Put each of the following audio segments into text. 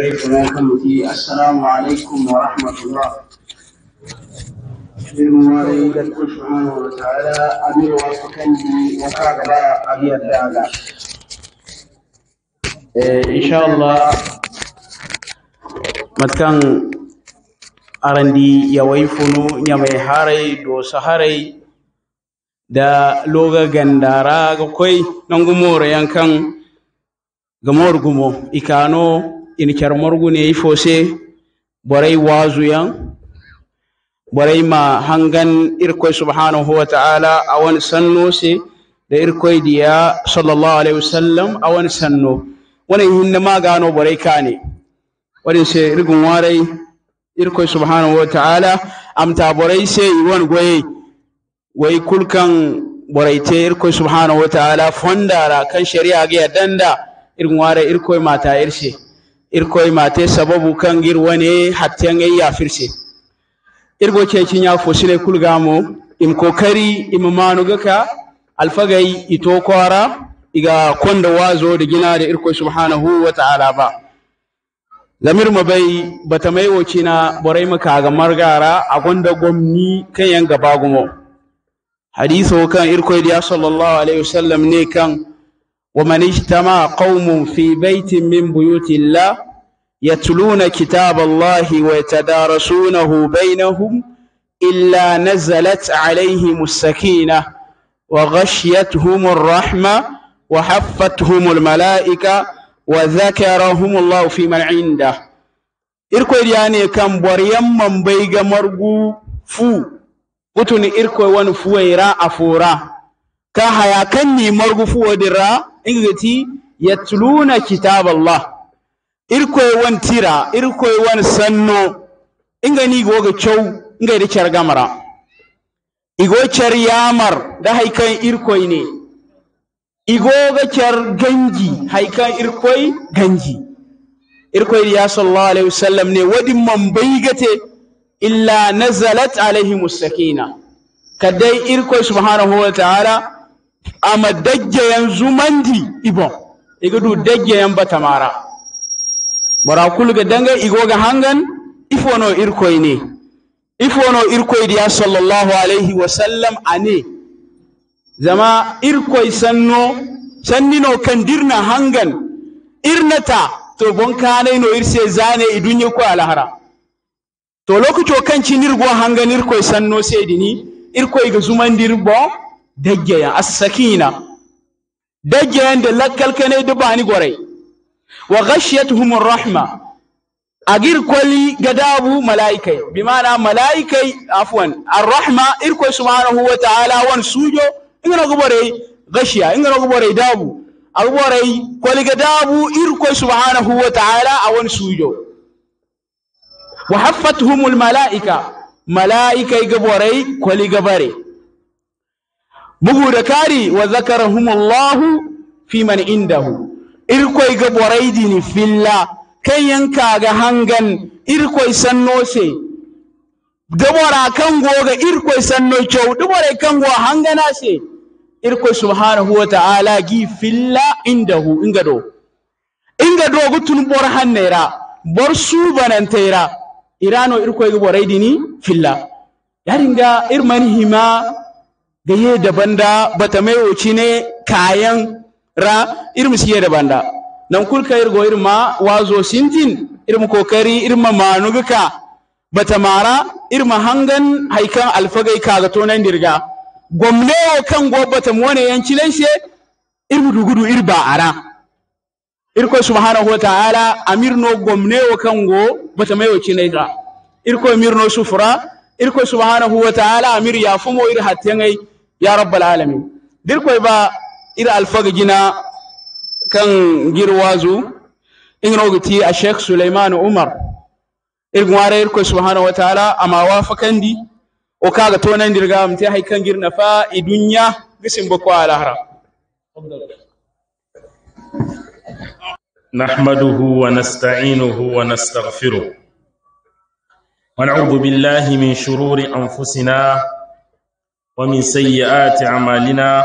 Assalamu alaikum wa rahmatullah. Girma da yi da kusuru wa tare amewa kan ji wata gaba a biyar daga. Insha Allah, matkan arandi ya wai funu ya mai harai dosa harai da loga gandara ga kwai nan gumoro yankan gumo ikano in yi fose borai wa zuyan borai ma hangan irkoy subhanahu wa ta'ala a wani sanno se da irkoy diya sallallahu alaihi wasallam wani sanno wani hinna ma gano ka kane wadin se rigun warai irkoy subhanahu wa ta'ala amta borai se wani goye wai kulkan borai te irkoy subhanahu wa ta'ala fondara kan shari'a ga danda irgun warai irkoy mata irse irkoy mate sababu kan kangir hatiyan hattiyanga ya firse irgo cekinya fosile kulgamo im kokari im manu gaka alfagai ito kwara iga konda wazo da gina da irko subhanahu wa ta'ala ba lamir mabai bata mai woci na borai maka ga margara a gonda gwamni kan yan gaba gumo hadiso kan irko da sallallahu alaihi wasallam ne kan wa man ijtama qaumun fi baitin min buyutillah يتلون كتاب الله ويتدارسونه بينهم إلا نزلت عليهم السكينة وغشيتهم الرحمة وحفتهم الملائكة وذكرهم الله في من عنده إركو يعني كم بريم من بيغ مرغو فو قطن إركو ونفو إراء أفورا كهيا كني مرغو فو ودراء إنغتي يتلون كتاب الله wan tira wan sanno inga ni goga chow inga da char gamara igo char yamar da haikan irkoi ne ga char ganji haikan gangi. ganji irkoy ya sallallahu alaihi wasallam ne wadin man gate, illa nazalat alaihi musakina kadai irkoy subhanahu wa ta'ala ama dajjayan zumandi ibon iga du dajjayan batamara bara kulga danga igoga hangan ifono irkoyne ifono irkoydiya sallallahu alaihi wa sallam ane zama irkoy sanno sannino dirna hangan irnata to bon no irse zane i e dunye koy alahara to lokaco kancinirgo hangan irkoy sanno seydini irkoyga zumandir bo dajjeya assakina dajjeyande lakkal kanay de bani gorey wa ghashiyatuhum rahma agir kwali gadabu malaikai bimana malaikai afwan arrahma irko subhanahu wa ta'ala wan sujo ingana gubore gashiya ingana gubore dabu agbore kwali gadabu irko subhanahu wa ta'ala awan sujo wa haffatuhum almalaika malaikai gubore kwali gabare bugu da kari wa zakarahumullahu fi man indahu borai dini filla kan yanka ga hangan irkwai sanno se da bora kaŋ googa irkwai sanno kyau da boray kaŋ go hangana se irkoy subhanahu wa ta'ala gi filla indahu ingado ingado, gutun do ga tun bor hannayra bor suubanantayra irano borai dini filla yaringa irmani hima ga ye dabanda bata mayo cine kayan ra irin siye da banda nan kulka irgo irma wazo sintin irin kokari irma manuguka bata mara irma hangan haikan alfagai zato nan dirga Gomne kan gobbata mu wani yancilan se irmu dugudu irba ara irko subhanahu wa ta'ala no gomne kan go bata mayo cinaika irko no sufura irko subhanahu wa ta'ala amir ya fumo ir hattengai ya rabbal alamin dirko ba ira alfagina kan girwazu in rogiti a Sheikh Sulaiman Umar irgware irko subhanahu amma ama wafakandi o kaga to nan dirga mutai hay kan girna fa i dunya gisin bako alahara nahmaduhu wa nasta'inuhu wa nastaghfiru wa na'udhu billahi min shururi anfusina wa min sayyiati a'malina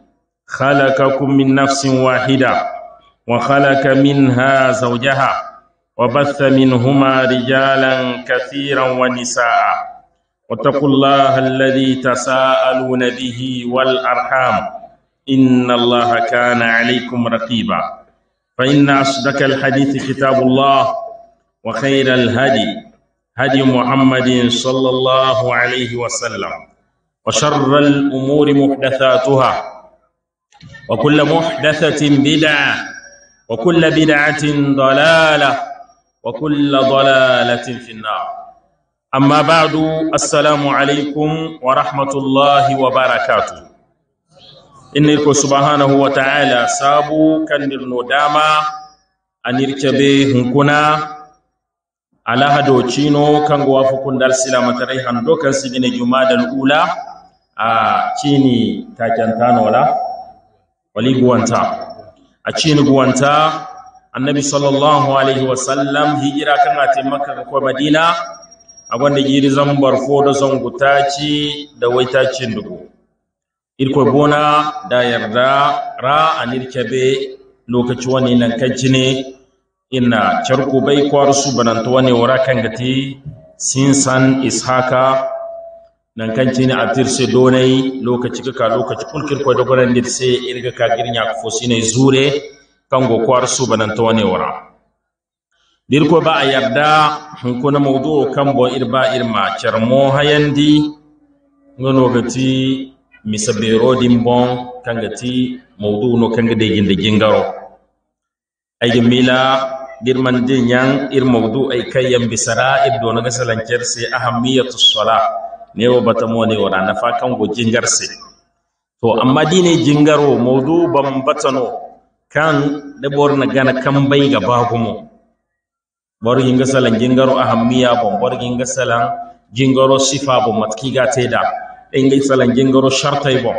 خلقكم من نفس واحدة وخلق منها زوجها وبث منهما رجالا كثيرا ونساء واتقوا الله الذي تساءلون به والأرحام إن الله كان عليكم رقيبا فإن أصدق الحديث كتاب الله وخير الهدي هدي محمد صلى الله عليه وسلم وشر الأمور محدثاتها وكل محدثة بدعة وكل بدعة ضلالة وكل ضلالة في النار أما بعد السلام عليكم ورحمة الله وبركاته إنك سبحانه وتعالى سابو كان الندامة أن يركبه هنكنا على هدو تشينو كان وافقون درسلا متريحان دوكا سيدنا جماد الأولى a cini taken tanola wali guwanta a cikin guwanta annabi sallallahu alaihi wasallam hijira kan a taimaka ko madina a gwanda giri zambar ko da zanguta ci da waita cin irko bona da yarda ra a nirkebe lokaci wani nan kan ne ina charku bai kwarsu su bananta wani wara kan gati Sin San ishaka nan kancini atir se donai lokaci ka lokaci kulkir ko da goran dit se irga ka girnya ko sine zure kango kwar su banan ta wani wara dir ko ba yarda hun kuna mawdu kan bo irba ma. charmo hayandi ngono gati misabero dimbon kangati mawdu no kanga de ginda gingaro ay mila dirman din yang ir mawdu ay kayyam bisara ibdo na gasalancer se ahammiyatu salat newo batamo ne wona go jingar se to amma dine jingaro mawdu ban batano kan da bor na gana bai ga bagumo bor ginga salan jingaro ahammiya bon bor ginga salan jingaro sifa bon matki ga in ga salan jingaro shartai bon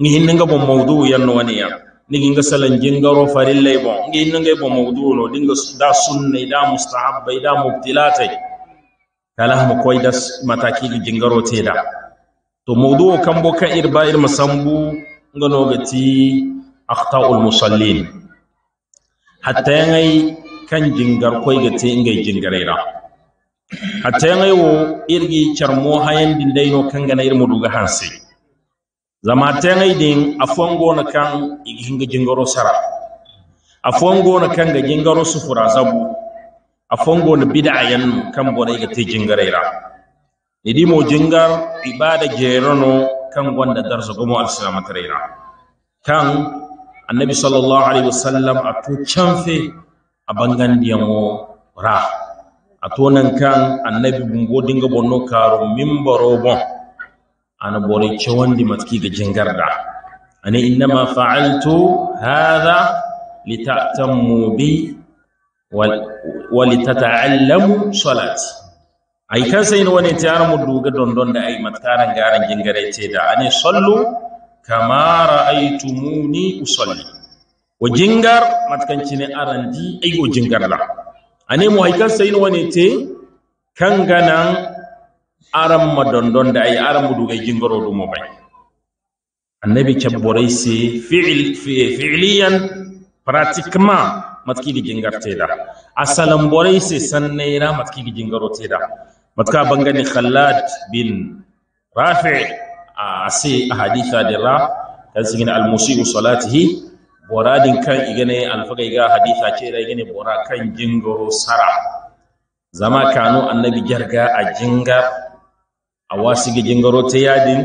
ni hinninga bon mawdu yanno wani ya ni ginga salan jingaro farillai bon ngi hinninga bon mawdu no dinga da sunna da mustahabbai da mubtilatai kala mu koy das mataki ga jingaro teda to mawdu kan bo ka irba ir masambu ngano gati akhtaul musallin hatta yangai kan jingar koy gati ingai da, hatta yangai wo irgi charmo hayan dindaino kan gana ir muduga hanse. zama ta yangai din afongo na kan hinga jingaro sara afongo na kan ga jingaro sufura zabu afongo na bid'a yan kan bore ga te jingare ra idi mo jingar ibada jerono kan gonda darso gomo al-islam tarayra kan annabi sallallahu alaihi wasallam atu chamfe abangan diamo ra ato nan kan annabi bungo dinga bonno karo mimbaro bon ana bore chawandi matki ga jingar da ani ma fa'altu hadha لتأتموا بي wali tata'allamu salati ay kan sai wani tiyara mu duga dondon da ai matkaran garan gingare ce da ani sallu kama ra'aytumuni usalli wa jingar matkan ne arandi ai go jingar da ani mu ai kan sai wani te kan ganan aram ma dondon da ai aram mu duga jingaro du mo bai annabi kabbore sai fi'l fi'liyan pratiquement da, salamborai sai san naira se sanneyra matkigi da matka bangani khalad bin rafi a se ra ta zigin almusi almusiu salatihi boradin kan igane alfagai ga haditha da igane bora kan jingaro sara zama kano annabi jarga a jingar a wasigi ta yadin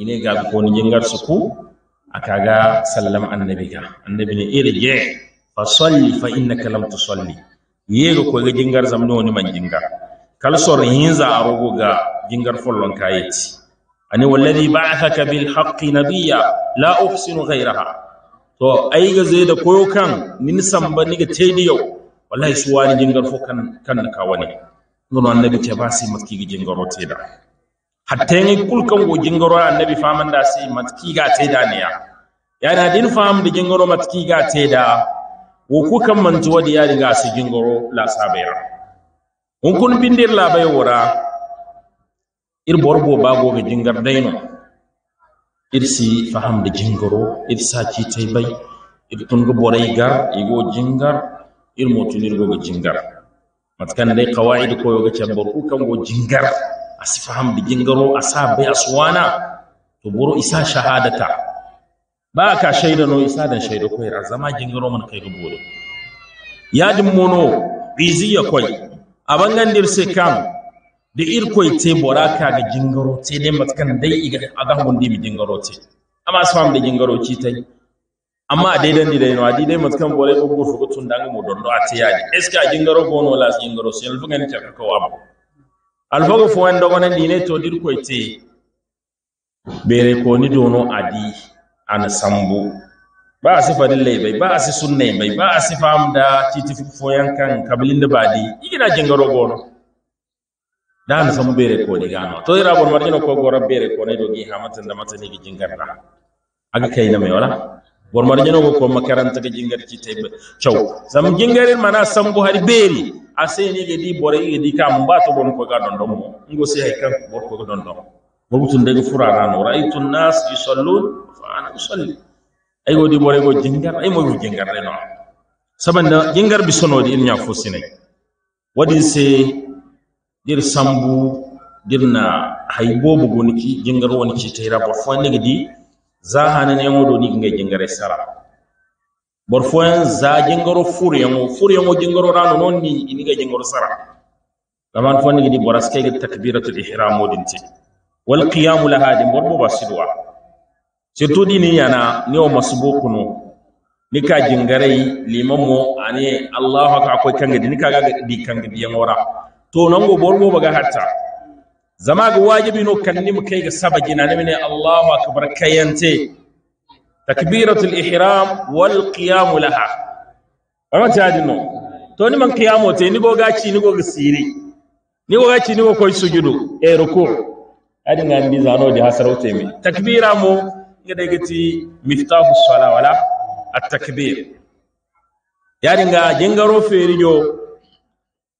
ine ga koni jingar suku akaga sallam annabi ga annabi ne irge. fa inna fa tu solli. tusalli yega ko ga jingar zamno ni man jinga kal sor hinza arogo ga jingar follon kayeti ani wallazi ba'athaka bil haqqi nabiyya la uhsinu ghayraha to ai ga zai da koyo kan san samba ni ga tedi yau wallahi su wani jingar fo kan kan na kawo ne nono annabi ce ba sai matki ga jingaro te da hatta yin kulkan go jingaro annabi faman da sai matki ga te da ne ya yana din faham da jingaro matki ga te da wo ku kam man tuwa di su ga si jingoro la sabayra on kun bindir la bay wora ir borbo go ga jingar dayno ir si faham da jingoro ir sa ci tay bay ir tun go boray gar igo jingar ir motunir go ga jingar matkan dai qawaid ko yoga bor ku kan go jingar asi faham da jingaro asa bay aswana to boro isa shahadata Ba ka shaida baka shaydano isadan shaydo koy azama jingiro man kay dubudo yadim mono koi koy abangan dir se kam da koi te boraka ga gingiro te dai matkan dai iga aga hunde mi gingiro te amma sam da gingiro ci tai amma a daidan di dai no adi dai matkan bore ko ko fugo tun danga mo dondo ate yaji eska gingiro ko no las jingiro sel fugan ta ka ko abu alfago fo wanda dogonan dine to koi te bere ko ni dono adi an sambo ba a sifa dillai bai ba a si sunnai bai ba a sifa am da titi foyan kan kabilin da badi igina jingaro gono da na sambo bere ko ni gano to ira rabon marjina ko gora bere ko ne dogi ha matan da matan ni jingarra aga kai na mai wala gor marjina ko ko makaranta ga jingar ci tai chau zam jingarin mana sambo har beri a sai ni ga di bore ga di kam ba to bon ko ga don don ngo sai kan bor ko ga don don mobutun daga fura ra'aytu nnas yusallun fa ana usalli ay wodi more go jingar ay mo jingar reno sabanda jingar bi sonodi il nya fosine wadi se dir sambu dirna haybobo goniki jingar woni ci tayra bo fo negdi za hana hanan yango do ni ngay jingare sara bor foyen za jingaro fur yango fur yango jingaro rano non ni iniga jingaro sara laman fo ni gidi boras kay takbiratul ihram wodinti wal qiyamu laha de mboɗ mo basidwa to dini yana ni o masubo kuno ni ka jingarai liman ani ani allahu ko kanga dini ni ga di kanga yan wara to nan go bor mo baga hatta zama ga wajibi no kanni mu kai ga sabaji na ne allahu akbar kayante takbiratul ihram wal qiyam laha amma ta dinno to ni man qiyamote ni go gaci ni go siri ni go gaci ni go koy sujudu e ruku' adi ngan di zano di hasaro teme takbira mo ngade gati miftahu sala wala at takbir yadi nga jengaro feri yo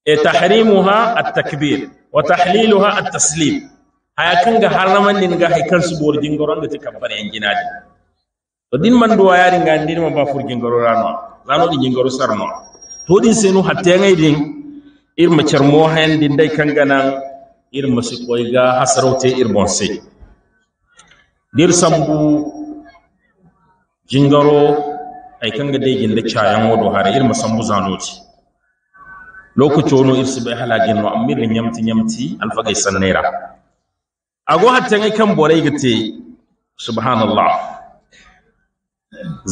e tahrimuha at takbir wa tahliluha at taslim aya kan ga harnaman nin ga haikar su bor jengaro ngati kabbar en jinadi to din man do yadi nga ndin ma ba fur jengaro rano zano di jengaro sarno to din senu hatenga din irma charmo hen din dai kanga nan ir masikoyga hasaraute ir bonse dir sambu jingaro ay kanga de ginda cayan wodo hare ir masambu zanoti lokaci wono irsu bai halagin no amirin da nyamti nyamti alfagai san naira ago hatta ngai kan borai gate subhanallah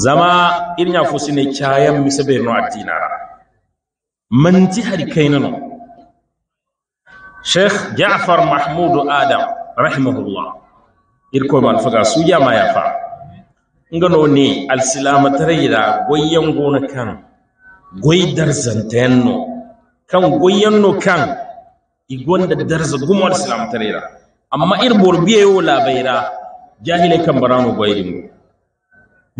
zama irin ya fusi ne cayan misabe no addinara manti hari kainano sheikh ja'far Mahmud adam rahimahullah irko man faga su jama ya fa ngano ni al-silama tarayira goyen gona kan goy darzantayen no kan goyen no kan igonda darza gumo al-silama tarayira amma ir borbiye yo bayra jahile kan barano goyidin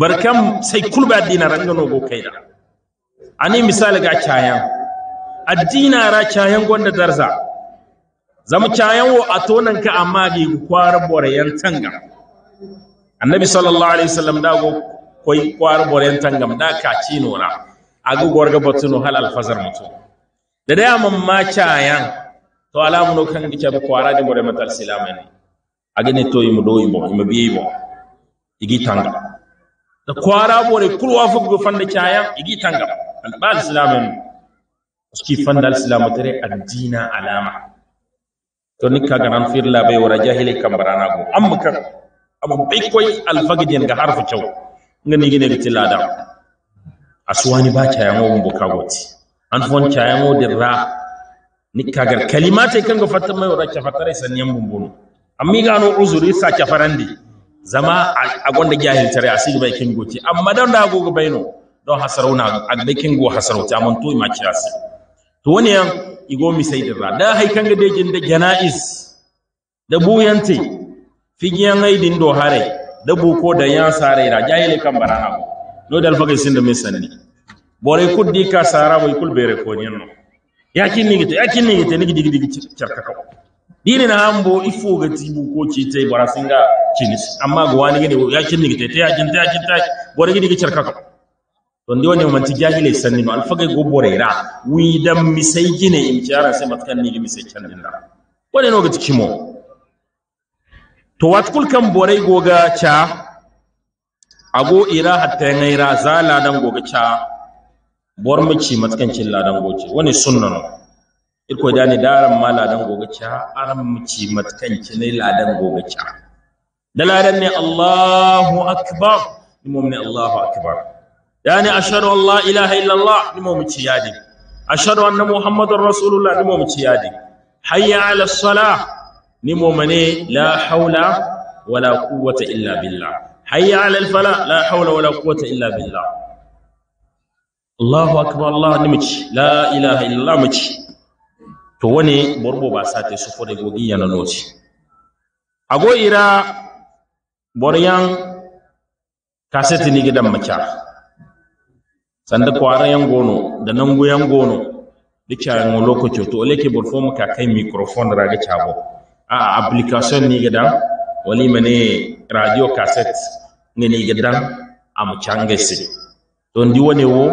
barkam sai kulba dina rangano go kaida ani misal ga adina ra cayan gonda darza zama cayanwo a tonanka amma ga kwar borayen tanga annabi sallallahu alaihi wasallam da go koi kwar borayen tanga da ka ci nora A go gorga batuno hal alfazar mutu da da amma ma cayan to alamu no kan gice kwara da gore matal silamai ne aga ne to yimu do yimu yi bi yimu igi tanga da kwara bore kulwa go fanda cayan igi tanga ba silamai ne ski fanda tare addina alama to ni kaga nan firla bai wara jahili kan barana go amma kan abu bai koy alfagidin ga harfu kyau ngani gine biti da, aswani ba ta yango mun boka goti an fon ta yango dirra ni k'a gar kalimata kan ga fatta mai wara cha fatare sanyan bumbuno ammi ga no uzuri sa cha farandi zama a gonda tare asiri bai kin goti amma dan da go baino don hasarauna a dakin go hasarauta mun to ma kirasi to wani yan igo mi sai dirra da haikan kanga de jin da janais da buyante figiyan aidin do hare da buko da yan sare ra jahile kan barana no dal faga sin da misani bore kuddi ka sara boy kul bere ko no yakin ni gita, yakin ni gite ni gidi gidi charka ka dini na ambo ifo ga tibu ko ci tai singa cinis amma gwani gidi yakin ni gite tai yakin tai yakin tai bore gidi gidi charka ka donde woni manti jahile sannino alfage gobboreyra wiidan mi seygine im caran se matkannigi mi seccandinra wonenogati kimo to wata kulkan borey goga ca ago ira ra, za ladan goga ca borma ci cin ladan goce sunan. Irko da ne daren ma ladan goga ca aran mi ci cin ladan goga ca da ladan ne allahu akbar imom ne allahu akbar yani ashhadu an la ilaha illallah nimo mu ci yadi ashhadu anna muhammadar rasulullah nimo mu ci yadi hayya ala salah nimo mane la haula wala quwwata illa billah hayya ala al fala la haula wala quwwata illa billah Allahu akbar Allah nimici la ilaha illallah muci to wani borbo ba sa sate su fode gogi yana noci ago ira boryan kaseti ni gidan maca. sanda kwara yan gono da nan yan gono dicha ngo loko to ole ke burfo fomo ka kai microphone raga chabo a application ni gidan wali mene radio cassette a mu am shi to ndi wone wo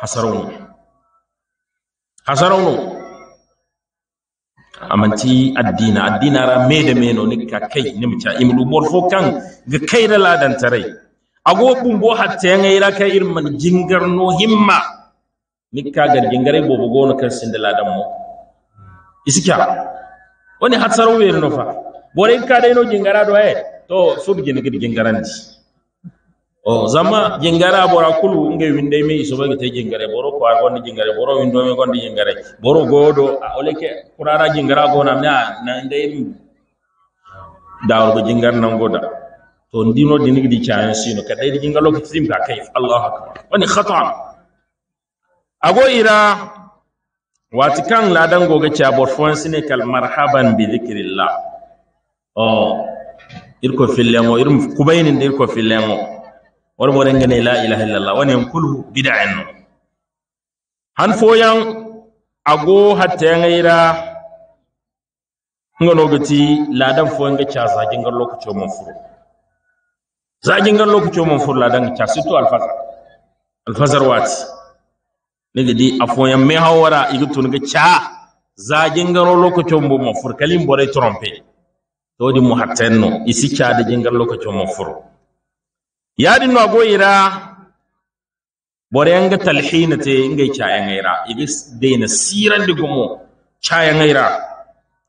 hasarun hasarun amanti addina addina ra mede meno ni ka kai ni mu cha imdu bor kan ga kai da ladan tarai ago bumbo hatta yan ira kai irin man jingar no himma nikka gar jingare bobo gono kan sindala dan mo isikya woni hatsaro wer no fa bore ka dai no jingara do e to sub jin gid jingaranti o zama jingara bora kulu ngai winde me iso ba gite jingare boro ko ar gonde jingare boro windo me gonde jingare boro godo oleke kurara jingara gona na na ngai dawo jingar nan goda on dino di nigdi chayan sino ka dai dinga lokacin ka kai Allahu akbar wani khata ago ira wati kan ladan goga cha borfon sine kal marhaban bi dhikrillah oh irko fillemo irum kubainin da irko fillemo war ren gane la ilaha illallah wani kulhu bid'an han foyan ago hatta yangaira ngono gati ladan foyan ga cha sa gar lokacin mun furu Za a gingar lokacin mun furla dan ta sito alfazar alfazar wati ga di afoyan mai hawara iga tun ga cha zagingan lokacin mun mun fur kalim bore trompe to di mu hatenno isi cha da gingar lokacin mun fur yadin no goyira bore ga talhina te ga cha yangaira iga na siran di gumo cha yangaira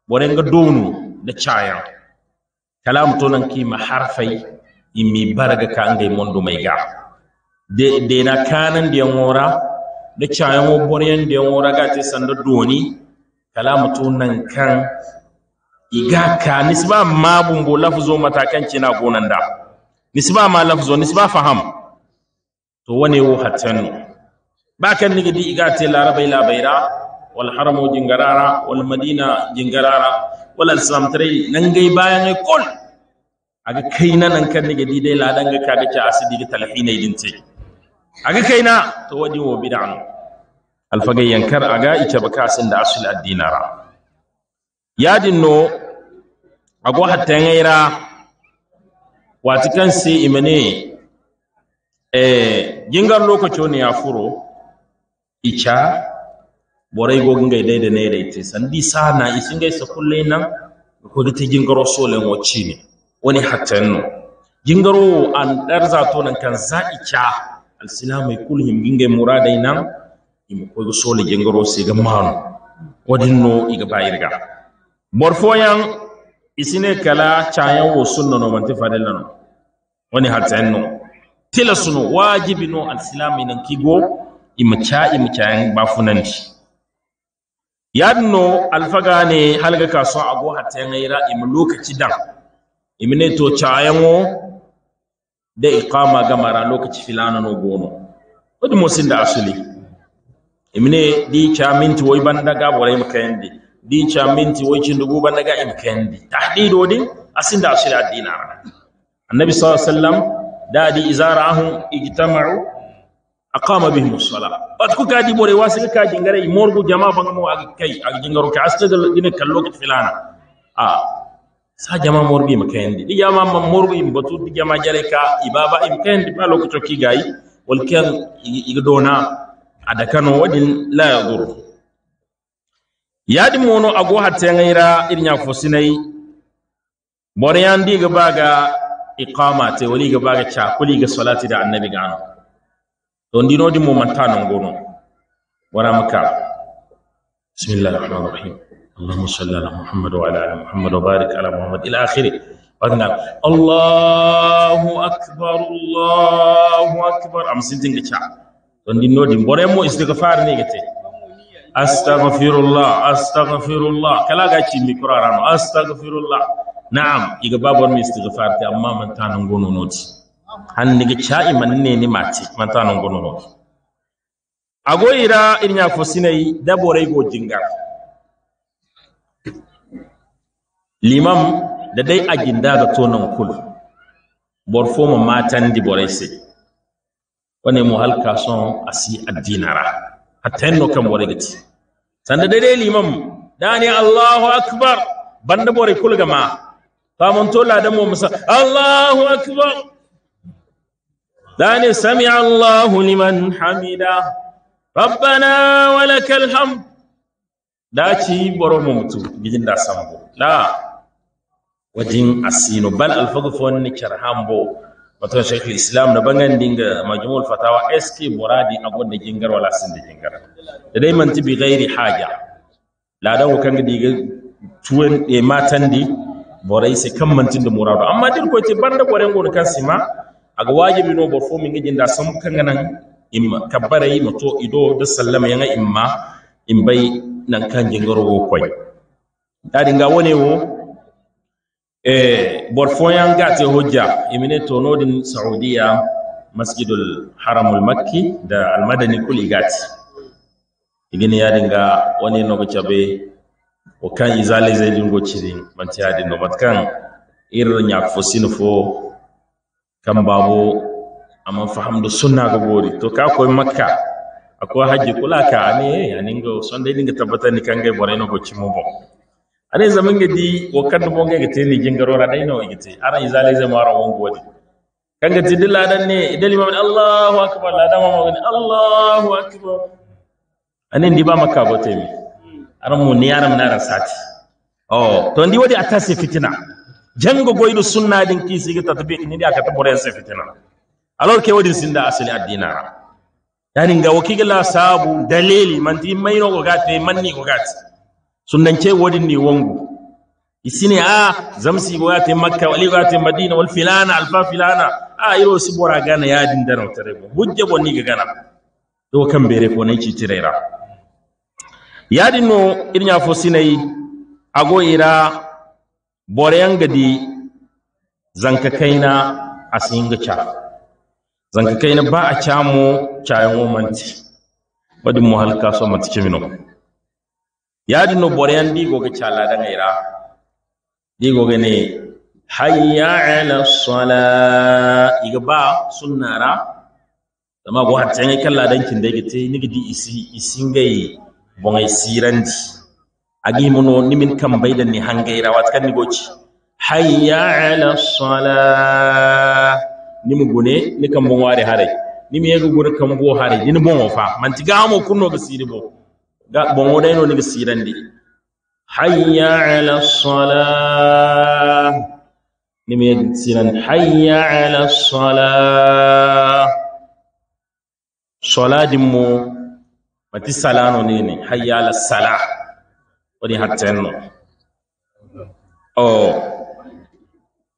bore ga donu da chayan kalam tonan ki ma harfai. imi barga ka angay mondo may ga de de na kanan de ngora de chayo boryan de ngora ga te sando doni kala mutunan kan iga ka nisba ma bungo lafzo matakan cina gonan da nisba ma lafzo nisba faham to wane wo hatan ba kan ni gidi iga te larabai labaira wal haramu jingarara wal madina jingarara wal islam tare nan gai bayan e kol aga na nan kan nige di ta ladan ga kaga ki asidi ga talhina idin ce aga na to wadi wo bid'an alfagay yankar aga ice baka sin da asul addinara yadin no ago hatta yayira wati kan se imane eh gingar lokaci ne ya furo ica borai go gingai dai da ne dai te sandi sana isingai sa kullai nan ko da te gingaro solen wacce ne Wani hattenno gingaro an ɗarza zato nan kan za'i ca alsilamay kul him ginge muraday nan imo koygo soole jingaro siga maano no iga bayirga bor foyan isine kala cayan wo sunna no manti fadella no woni hattenno tila suno wajibi no mai nan kigo ima ca ima cayan bafunandi yadin no alfaga ne halga kaso ago hatta yan ira im lokaci dan imine to cayango da iqama gamara lokaci filana no gono wadi musin da asuli imine di ca minti woy banda ga bora im kendi di ca minti woy cindugu banda ga im kendi tahdido din da asuli adina annabi sallallahu alaihi wasallam dadi izarahum ijtama'u aqama bihim as-salah bat ku kadi bore wasi ka jingare morgu jama'a bangamo agi kai agi jingaru ka astada dine kallo filana a ah. sajama morɓi ima kayandi ɗigama ma morɓo ima batu ɗigama jare ka ibaba ima kayandi ba lokaco kigayi wolken iga dona ada kano waɗin la yaduru yaɗi mono ago hattengayra irña fosinay boreyandiga baga iqamate waliga baga cakoliga salati da annabi gano to ndinodi mo manta nongono warama ka bismillahi rahmani rahim اللهم صل على محمد وعلى ال محمد وبارك على محمد الى اخره wannan Allahu akbar Allahu akbar am sintin ga cha don din nodin bore mo istighfar ne gate astaghfirullah astaghfirullah kala ga ci mi qur'an astaghfirullah na'am iga babor mi istighfar ta amma man tanan gono noti han ni ga cha ne ni mati man tanan gono noti agoyira irnya fosinai da bore go jingar limam da dai a ginda da tonon kul bor foma matan di borese wane mu halka son asi addinara hatta no kan boregati da dai limam ne allahu akbar banda bore kul gama famun tola da mu musa allahu akbar dani sami allahu liman hamida rabbana walakal hamd daci boro mu mutu gidin da sambo la wajen asino bal alfagu ni charhambo wato shaikh islam na bangan dinga majmul fatawa sk muradi agon da gingar wala sin da gingar da dai manti bi ghairi haja ladan ko kanga diga tuwen e matan di borai sai kan mantin da murado amma dir ko ce banda gore gon kan sima aga wajibi no bo fomi min da sam kanga nan imma kabbarai mato ido da sallama yanga imma in bai nan kan gingar wo koi da dinga wone wo eh, eh bor foyan gate hujja imine to nodin saudiya masjidul haramul makki da al-Madani kuli gati igini ya dinga wani no go chabe o kan izale zai dingo cirin manti ya dingo matkan irin ya fosino fo kan babu amma fahamdu sunna ga gori to ka koyi makka akwai haji kula ne ya ningo son dinga tabbatar ni kan gai bore no go cimo bo ane gadi di wakkati bonge ga gin jingarora dai no igite ana izale zai mara wongo wadi ga tidil ladan ne idan imam Allahu akbar ladan ma magani Allahu akbar ane ndi ba makka bote mi aran mu ni ara munara sati oh to ndi wadi atasi fitina jango goydo sunna din ki sigi tatbiq ni da ka tabore sai fitina alor ke wadi sinda asali addina yani ga wakigala sabu dalili man manti gogati, man manni gogati. sunance wadin ne wangu ne, a ah, zamsi go yate makka wali go ta madina wal filana alfa filana a ah, iro si bora gana yadin dano tarebo bujje bonni ga gana do kan bere ko nay ci tirera din no irnya fo sinai ago ira Bore, yang gadi zanka kaina asinga cha zanka kaina ba a chamo chayan manti, wadin mu halka so matice mino yaadi no da ɗigoge di goge ne hayya ala sala igba ba sunnara dama go dan kin da gite ni di isi isingey ngai sirandi agima no nimin kambaydan ni kan ni goci hayya ala sala mu gune ni kam boŋ ware ni mi yego gure kam go Ni bo mo fa manti gamo kunnoga siri bo ga bon wona no ni sirandi hayya ala salah ni me siran hayya ala salah saladin mo mati salano ne ne hayya ala salah wani hatten no oh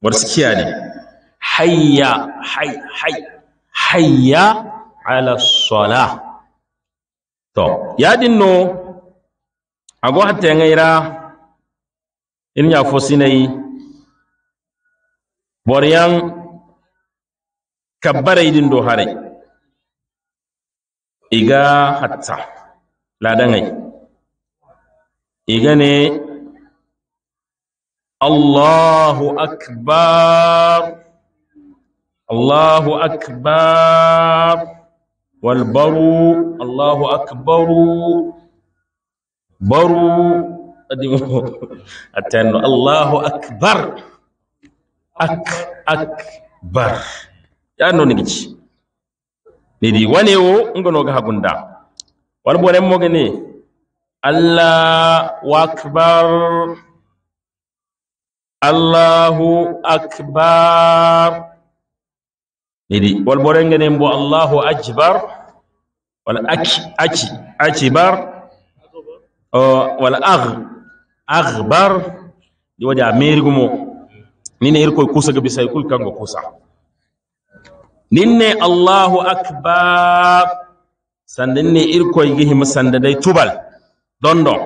warskiya ne hayya hay hay hayya ala salah to yadin no ago hatta ngaira in ya fosinai boryang kabbare din do hare iga hatta ladangai iga ne Allahu akbar Allahu akbar walbaru Allahu akbaru baru atano Allahu akbar ak akbar yano nigici nidi wanewo ngonoga hagunda walbore mogene Allah akbar Allahu akbar nidi wal borengene mbo allahu akbar wal aki aki akibar wal agh aghbar di waja merigumo nine irko kusa gabi sai kul kango kusa ninne allahu akbar sandinne irko gihi dai tubal dondo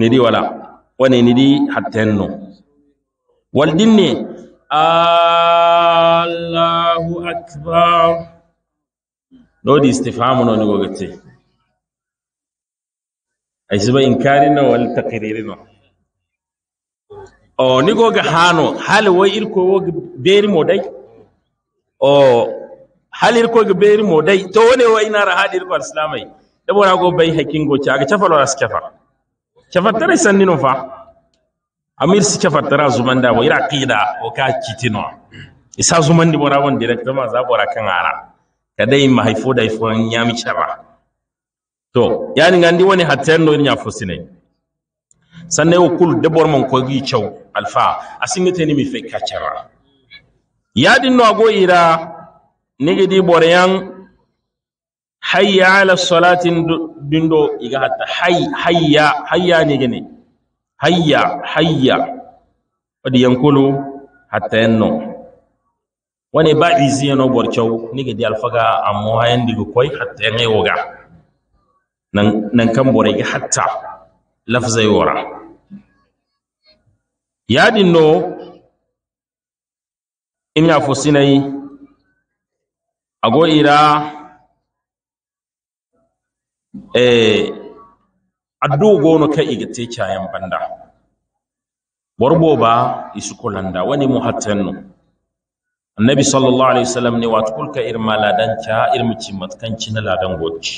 nidi wala wani nidi hattenno wal dinne Allahu akbar lodi istifhamu no ni gogate ay siba inkari no wal taqriri no o oh, ni goga hano hali wai irko woga beri mo dai o oh, hal irko ga beri mo dai to wone wa ina ra hadir ko islamai dabora go bai hakingo ci aga chafalo ras chafa chafa tare sanni no fa amir ke fattara zuman da ira raƙi da ka kitino isa zumandi bora won ma za bora kan ara dai ma haifo da haifo nyami chara to ya yani ngandi woni ya fusi ne sannan yau kul de bor mon ko gi chaw alfa asingete ni mi fe ya yadin no ago ira nigidi boryan hayya ala salatin dindo iga hatta hayya hayya hayya nigini hayya hayya wadda yankulu hatta yannu wani ba izi yano borcew niga di alfaga ammo hayan diga kwai hatta yange woga nan nan kan yi hatta lafzai wora yadin no imya fosinai a ira eh addu gono ka igate cayan banda borbo ba isukulanda wani mu annabi sallallahu alaihi wasallam ne wat kulka irma ladan ca irmi cimmat kan cina ladan goci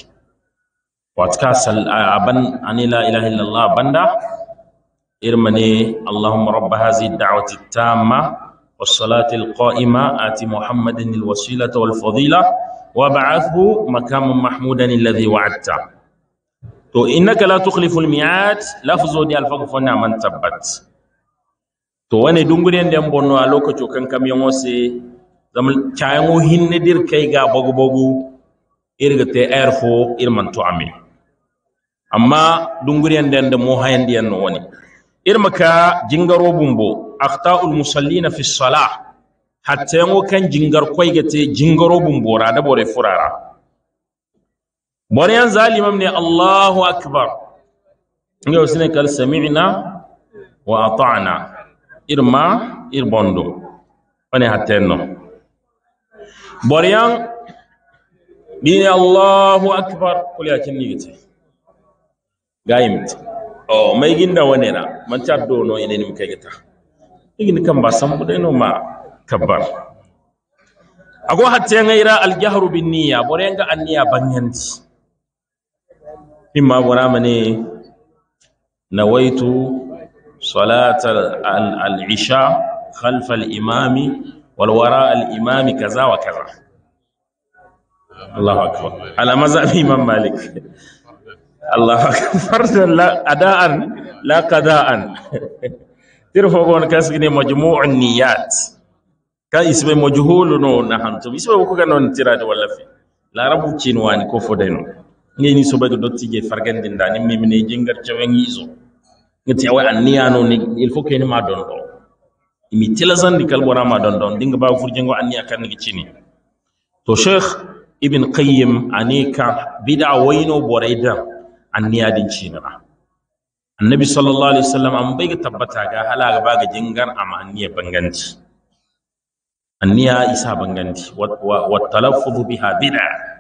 wat ka sal aban ani ilaha illallah banda irma ne allahumma rabb hadhihi ad-da'wati at-tamma والصلاة القائمة آت محمد الوسيلة والفضيلة وابعثه مكان محمودا الذي وعدته to innaka la tukhliful mi'at lafzo di alfagu fonna man tabbat to wani dungure den bonno a lokaco kan kam yan wose zam chayango hinne dir kai ga bogo bogo irga te air fo irman to ami amma dungure den da mo hayandi yan wani irmaka jingaro bumbo akhta'ul musallina fi salah hatta yango kan jingar koy gate jingaro bumbo ra da bore furara moryan zalimam ne allahu akbar ne usine kal sami'na wa ata'na irma irbondo wani hatenno boryan ne allahu akbar kuli akin nigite gayimti o oh, mai ginda wani na man ta dono ene nim gita. igin kan ba san budai no ma kabbar ago hatenga ira al jahru bin niyya boryan ga an niyya banyanti min ma gora mane nawaitu salatar al-isha khalf imami walwara al'imami al-imami kaza wa kaza Allahu akbar ala mazhabi imam malik Allahu akbar ada'an la qada'an tirfo gon kasgine majmu'un niyat ka isbe majhulu no nahantum isbe ko ganon tirade walla fi la rabu cinwani ko fodeno ngeni soba do dotti je fargande ndani mini jingar ci jawangi zo ngati awa anniyano ni il faut keni ma don do mi tilazan di kal borama don don ding ba jingo an niya kan ngi ci ni to sheikh ibn qayyim anika bid'a wayno an niya din ci ni cinira annabi sallallahu alaihi wasallam am bai tabbata ga halaga ba ga jingar am an niya banganti an niya isa banganti wa talaffuz biha bid'a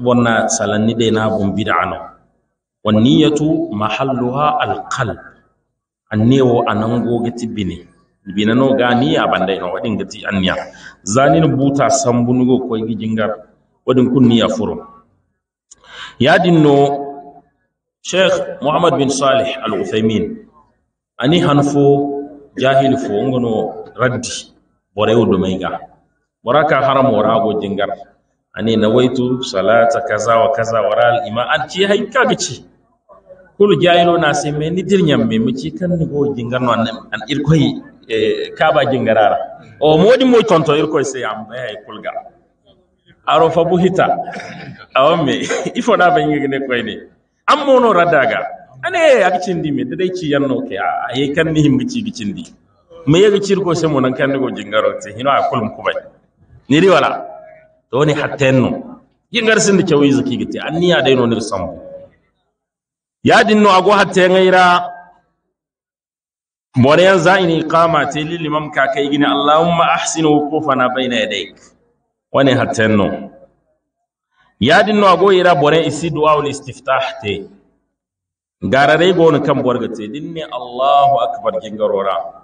wannan salanni dai na bun bid'a no wan niyatu mahalluha annewo anan goge tibine bina no ga niyya bandai no wadin gati anniya zanin buta sambun go koy gijingar wadin kun niyya furo Ya no sheikh muhammad bin salih al uthaymin ani hanfo jahil fo ngono raddi borewo do mayga waraka haram wara jingar ani na waitu salata kaza wa kaza wa ral ima an ci hay kaga ci kulu jayilo na se me ni dirnyam me mu ci kan ni go jingar non an irkoy e eh, kaba jingarara o modi mo tonto irkoy se am be hay kulga aro fa bu hita awamme ifo da ngi ne? koy ni am mono radaga ane ak ndi me dai ci yanno ke a ye kan ni himbi ci ndi. me ci cirko se mo nan kan ni go jingaro te hino a kulum kubai ni ri wala to woni hattenno yingar sinde cewi zaki gite anni ya dayno nir sambu yadinno ago hatte yan moreyan zaini iqama te lilimam ka kai gini allahumma ahsin wuqufana bayna yadayk woni hattenno a ago ira bore isi du'a ul istiftah te garare gonu kan borgate dinne allahu akbar gingarora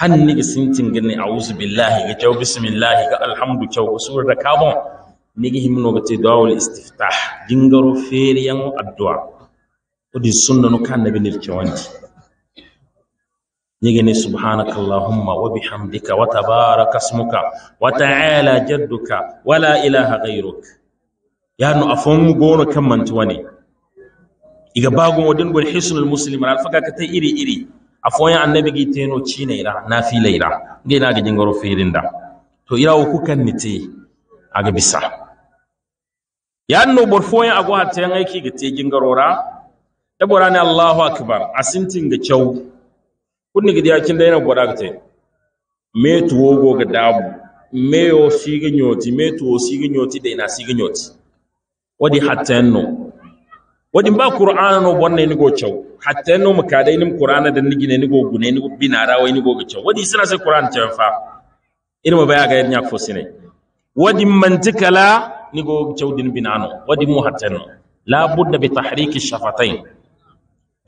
hanni ga sintin gani a'udhu billahi ga jaw bismillah ga alhamdu kyau usul da kabon nigi himno ga te du'a istiftah dingaro feriyan addu'a odi sunna no kan nabi nil kyawandi nigi ne subhanaka allahumma wa bihamdika wa tabaraka ismuka wa ta'ala jadduka wa la ilaha ghayruk ya no afon gono kan mantuwa iga bagon wadin gol hisnul muslim ran ka tai iri iri afoya annabi gi teno cine ira nafila ira nge na gijin garo firinda to ira wo kukan nite aga bisa yanno bor foya ago hatta yan aiki ga te gingarora da borani allahu akbar asintin ga chau kunni gidiya kin da yana bora ga te me tuwo go ga dabu me yo sigi nyoti me tuwo sigi nyoti da ina sigi nyoti wadi hatta yanno wadin ba qur'ana no bonne ni go chaw hatta no makadai nim qur'ana dan ni gine ni go gune ni binara wai ni go ga chaw wadi sira sai qur'an chaw fa irin ma baya ga yar nyak fosine wadin mantikala ni go chaw din binano wadin mu hatta no la budda bi tahriki shafatain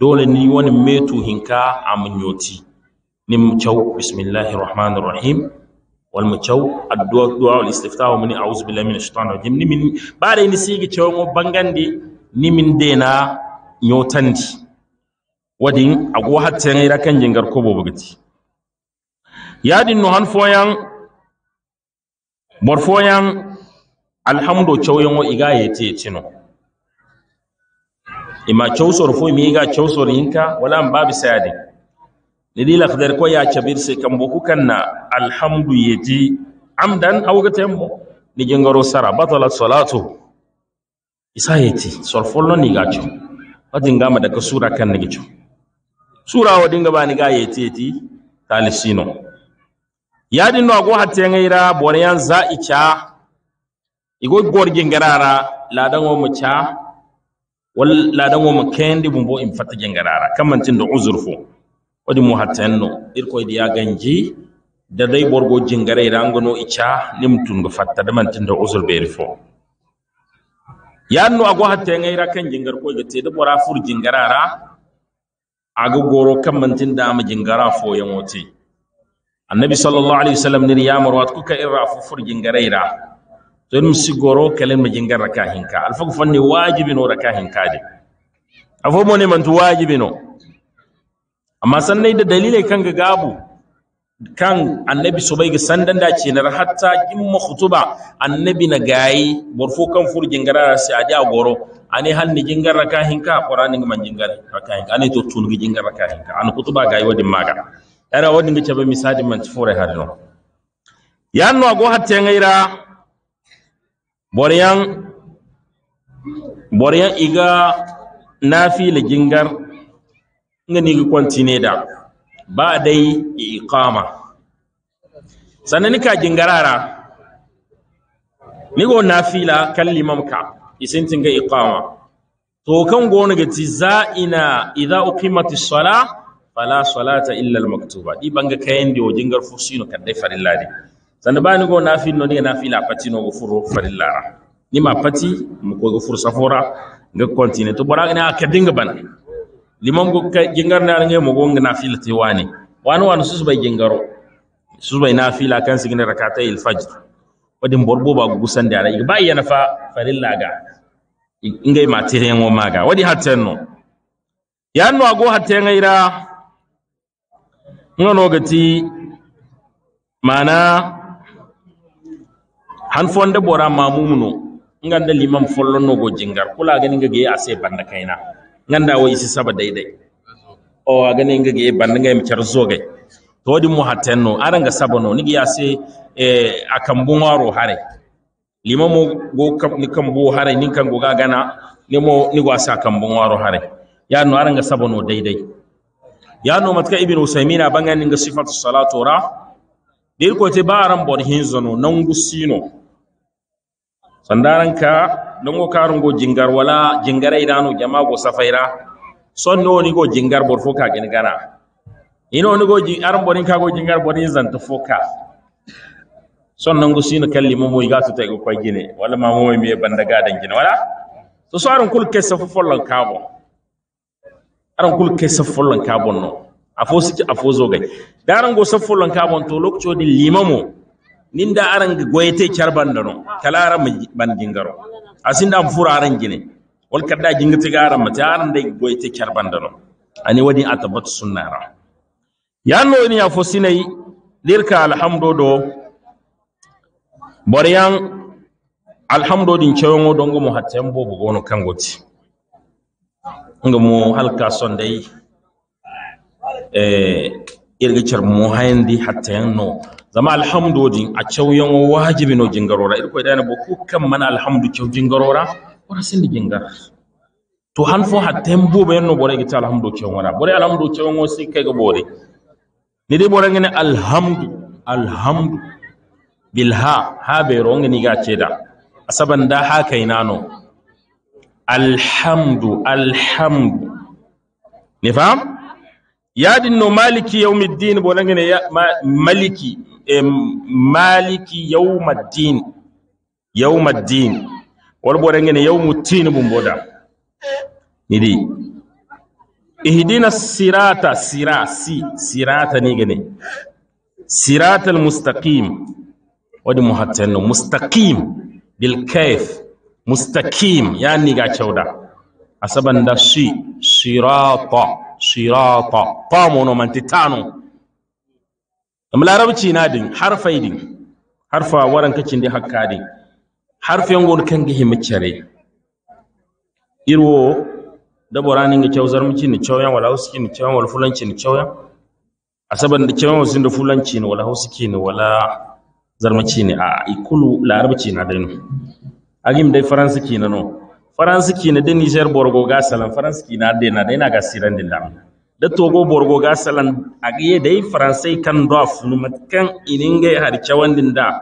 dole ni wani metu hinka amnyoti nim chaw bismillahir rahmanir rahim والمتشو الدعاء الاستفتاء ومن أعوذ بالله من الشيطان الرجيم من بعد إن سيجي تشو بانغاندي nimin dena nyotandi wadin ago hatten da kan jingar kobo bobogati yadin no han foyan mor foyan alhamdu chawyon iga yete chino ima chawsor foy mi ga chawsor yinka wala an babi sayadi nidi la khdar ko ya chabir se kambo kanna alhamdu yeti amdan awgatembo ni jingaro sara batala salatu isayeti solfollo gacho co gama daga sura kan ni gacho sura wadin gaba bani ga yeti yeti talisino ya no ago hatte ngaira boryan za icha igo gorgi ngarara ladango mu cha wal ladango mu kendi bumbo in fatta ngarara kamman tin do uzurfu wadi mu hatenno irko idi ya ganji da dai borgo jingare rangono icha nimtun go fatta da man tin do uzur berifo yannu agwa hatta ngaira kan jingar ko gatte da bora fur jingarara aga goro kan mantin da ma jingara fo wote annabi sallallahu alaihi wasallam ne ya marwat ku ka irra fu fur jingaraira to mun si goro kalen ma jingara ka hinka alfa fanni wajibin ora ka hinka de afo mo ne mantu wajibin no amma sannai da dalilai kan ga gabu kan annabi subay ga sandan da ce nar hatta gimma khutuba annabi na gayi borfo kan fur jingara sai adi a goro ane hanni jingara ka hinka qur'ani man jingara ka hinka ane to tun gi jingar ka hinka an khutuba gayi wadin maga era wadin ga ba misali man tfure harno yanno go hatte ngaira boryan boriyan iga le jingar ngani ga kwantine da ba dai iqama sannan ni kagin garara ni go nafila kan limam ka isintin ga iqama to kan go ni ga tizaina idza uqimatis sala fala salata illa al maktuba di banga kayan di o gar fusino kan dai farilla sannan ba ni go nafil no ni fila pati no go furo farilla ni ma pati mu go furo safora ga kontine to bara ni ka dinga bana limam go jingar na ngai mo go nafila te wani wani wani susu bai jingaro subai fila kan rakata yi alfajr wadin borbo ba gusan da rai ba yana fa farilla ga ingai ma tire yan woma ga wadi hatenno yanno ago hatenga ira no gati mana han fonde bora mamumuno nganda limam follono go jingar kula gani ngage ase banda kaina nganda wo isi saba daidai o gani ngage banda ngai mi gai todi mu hatenno hattenno aɗa nga sabano nigi ya se e a kambumaro hare lima mo go ni kambo hare nin kango ga gana ni mo ni go asa sa kambumaro hare ya no aɗa sabono sabano daidai ya no matka ibn usaymina bangani ga sifatu salatu ra dir ko te baran bor hinzono nangu sino sandaran ka karun go jingar wala jingare idanu jama go safaira son no ni go jingar bor fo ka gana ino wani goji jin aran bonin ka go jin gar zan zanta foka son nan gusi na kalli mu moyi gasu tai go kwa gine wala ma mai ban banda gadan gine wala to so aran kul kessa fo follon kabo aran kul kessa follon kabon no afo siki afo zo gai daran go sa follon kabon to lokaci wani limamo nin da aran goyete ban da no kalara ban gingaro sin da fura aran gine wal kadda ga garan mata aran da goyete charban da no ani wadi atabat sunnara yanno ya fosi sinay lirka alhamdo do boriyan alhamdo din cewongo dongo mo hatembo bo gono kangoti ngo mo halka sondai eh irga char mo hayndi hatten no zama alhamdo din a cewyongo wajibi no jingarora irko dana bo ku kam mana alhamdu cew jingarora wala sindi jingar to hanfo fo hatten bo be no bore gita alhamdo cewora bore alhamdo cewongo sikke go bore ni dai moran ngene alhamdu alhamdu bil ha ha be ronga ni ga ceda asaban da ha kainano alhamdu alhamdu ni fam din no maliki yawmiddin bolan ngene ya, maliki em, maliki yawmiddin yawmiddin wal bolan ngene yawmuddin bumboda ni dai. ihdina sirata sira si sirata ne gane sirata Mustaqim, wadi muhattanno mustaqim bil kaif mustaqim yani ga chauda asaban da shi sirata sirata ta mono manti tano am larabci na din harfai din harfa waran kacin di hakka din harfen gon kan gihi micare irwo dabora ni ga cew zarmi ci ni cewyan wala hauski ni cewyan wala fulanci ni cewyan asaban da cewyan wasin da fulanci ni wala hauski ni wala zarmaci ne a ah, ikulu larabci na dai agim dai faransiki na no faransiki na dai niger borgo ga salan faransiki na dai na dai na ga siran din dam da togo borgo ga salan agiye dai faransai kan dof nu matkan ininge har cewan da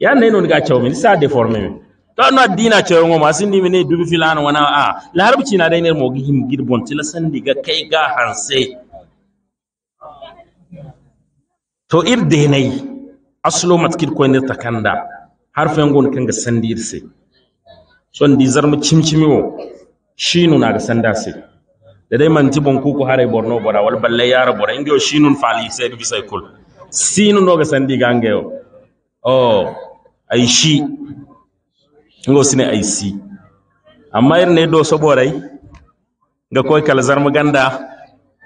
ya ne no ga cewa min sa deforme to dina ce cewa ma sin dimi ne dubi filana wana a larabci na dainir mo gihim girbon tila san diga kai ga hanse to ir denai aslo matkir ko ne takanda harfen gon kan ga sandir se son dizar zarmu cimcimi wo shinu na ga sanda se da dai manti bon kuku harai borno bora wal balle yara bora ingo shinun fali sai bi sai kul sinu no ga sandi gangeyo oh ai shi ngo sine ay si amma irin ne do so boray ga koy kala zarmu ganda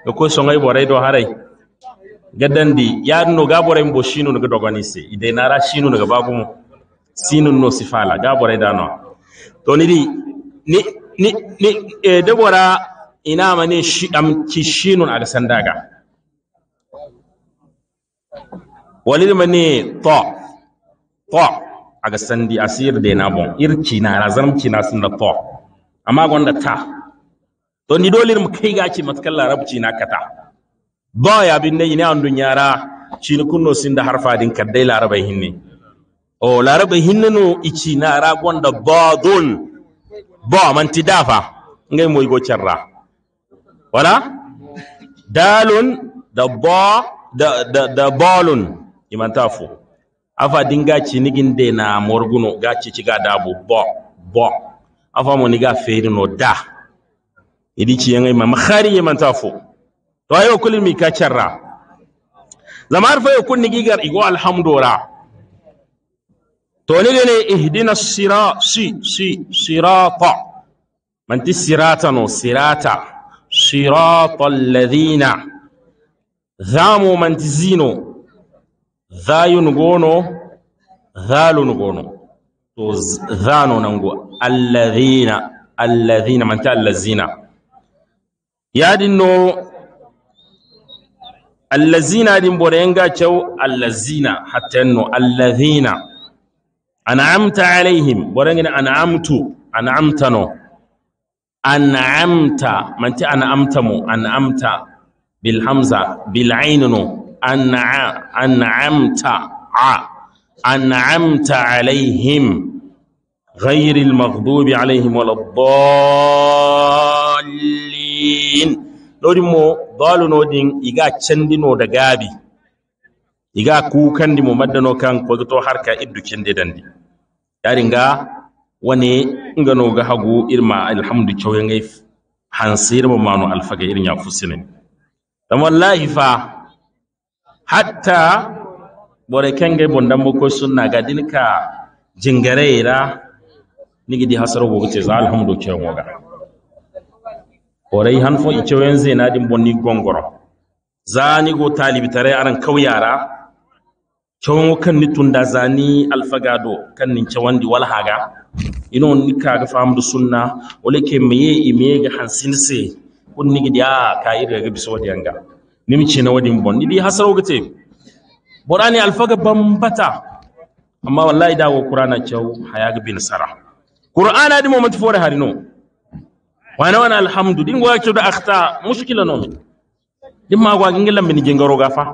ga koy so ngay boray do haray gadandi ya no ga boray mbo shinu no ga gani se ide ra shinu no ga babu mu sinu no sifala ga boray no to ni di ni ni ni e de bora ina ne shi am ki shinu aga sandaga walil mani ta ta aga sandi asir de na bon ir china razam zaram china sun da to amma gonda ta to ni dolir mu kai gaci matkal larabci na kata ba ya bin ne ni an ra chini kunno sin da harfa din kaddai larabai hinne o larabai hinne no ichi na ra gonda dun, ba man dafa ngai moy go charra wala dalun da ba da da, da balun imantafu afa dinga de na morguno ga da dabo bo bo afa ni ga no da idi ciyeŋay mama hari yemanta fo to ayo kulin mi ka carra zamar fayo kun nigigar igo alhamdora to ni ne ihdina sira si si sirata ti sirata no sirata sirata alladhina zamu manti zino zayun gono zalun gono to zano allazina allazina man ta allazina ya dinno allazina din bore yanga chau allazina no allazina an'amta alaihim bore ngina an'amtu no an'amta manti ta an'amta bil hamza bil no. an'amta a an'amta alaihim غير المغضوب عليهم ولا الضالين مو ضال نودين ايغا تشندي نو دغابي إيغا كوكاندي ممدنو كان كوغتو حركة إدو تشنديداندي يارينغا wane nga no ga hagu irma alhamdu chawyangai hansir mo manu مانو irin ya fusine dan wallahi fa hatta bore kenge bondambo ko sunna ga dilka jingareira di hasaro go ce za alhamdu ke ngoga bore han fo ice wenze na din bonni gongoro zani go talibi tare aran kawyara cewon kan ni tunda zani alfagado kan nin cewandi wal haga ino ni kaga da sunna wale ke meye imiye ga hansinse kun nigidi a ah, kayir ga bisodi yanga nimcina wadin bon ɗiɗi hasarogote boɗani alfaga bambata amma wallahi dawo qur'ana cew hayaga bin sara qur'ana ɗi momati fore hari no wana wana alhamdu da ɗin goya cewɗo akta muskila nomin ɗin magwagingel lambini ga fa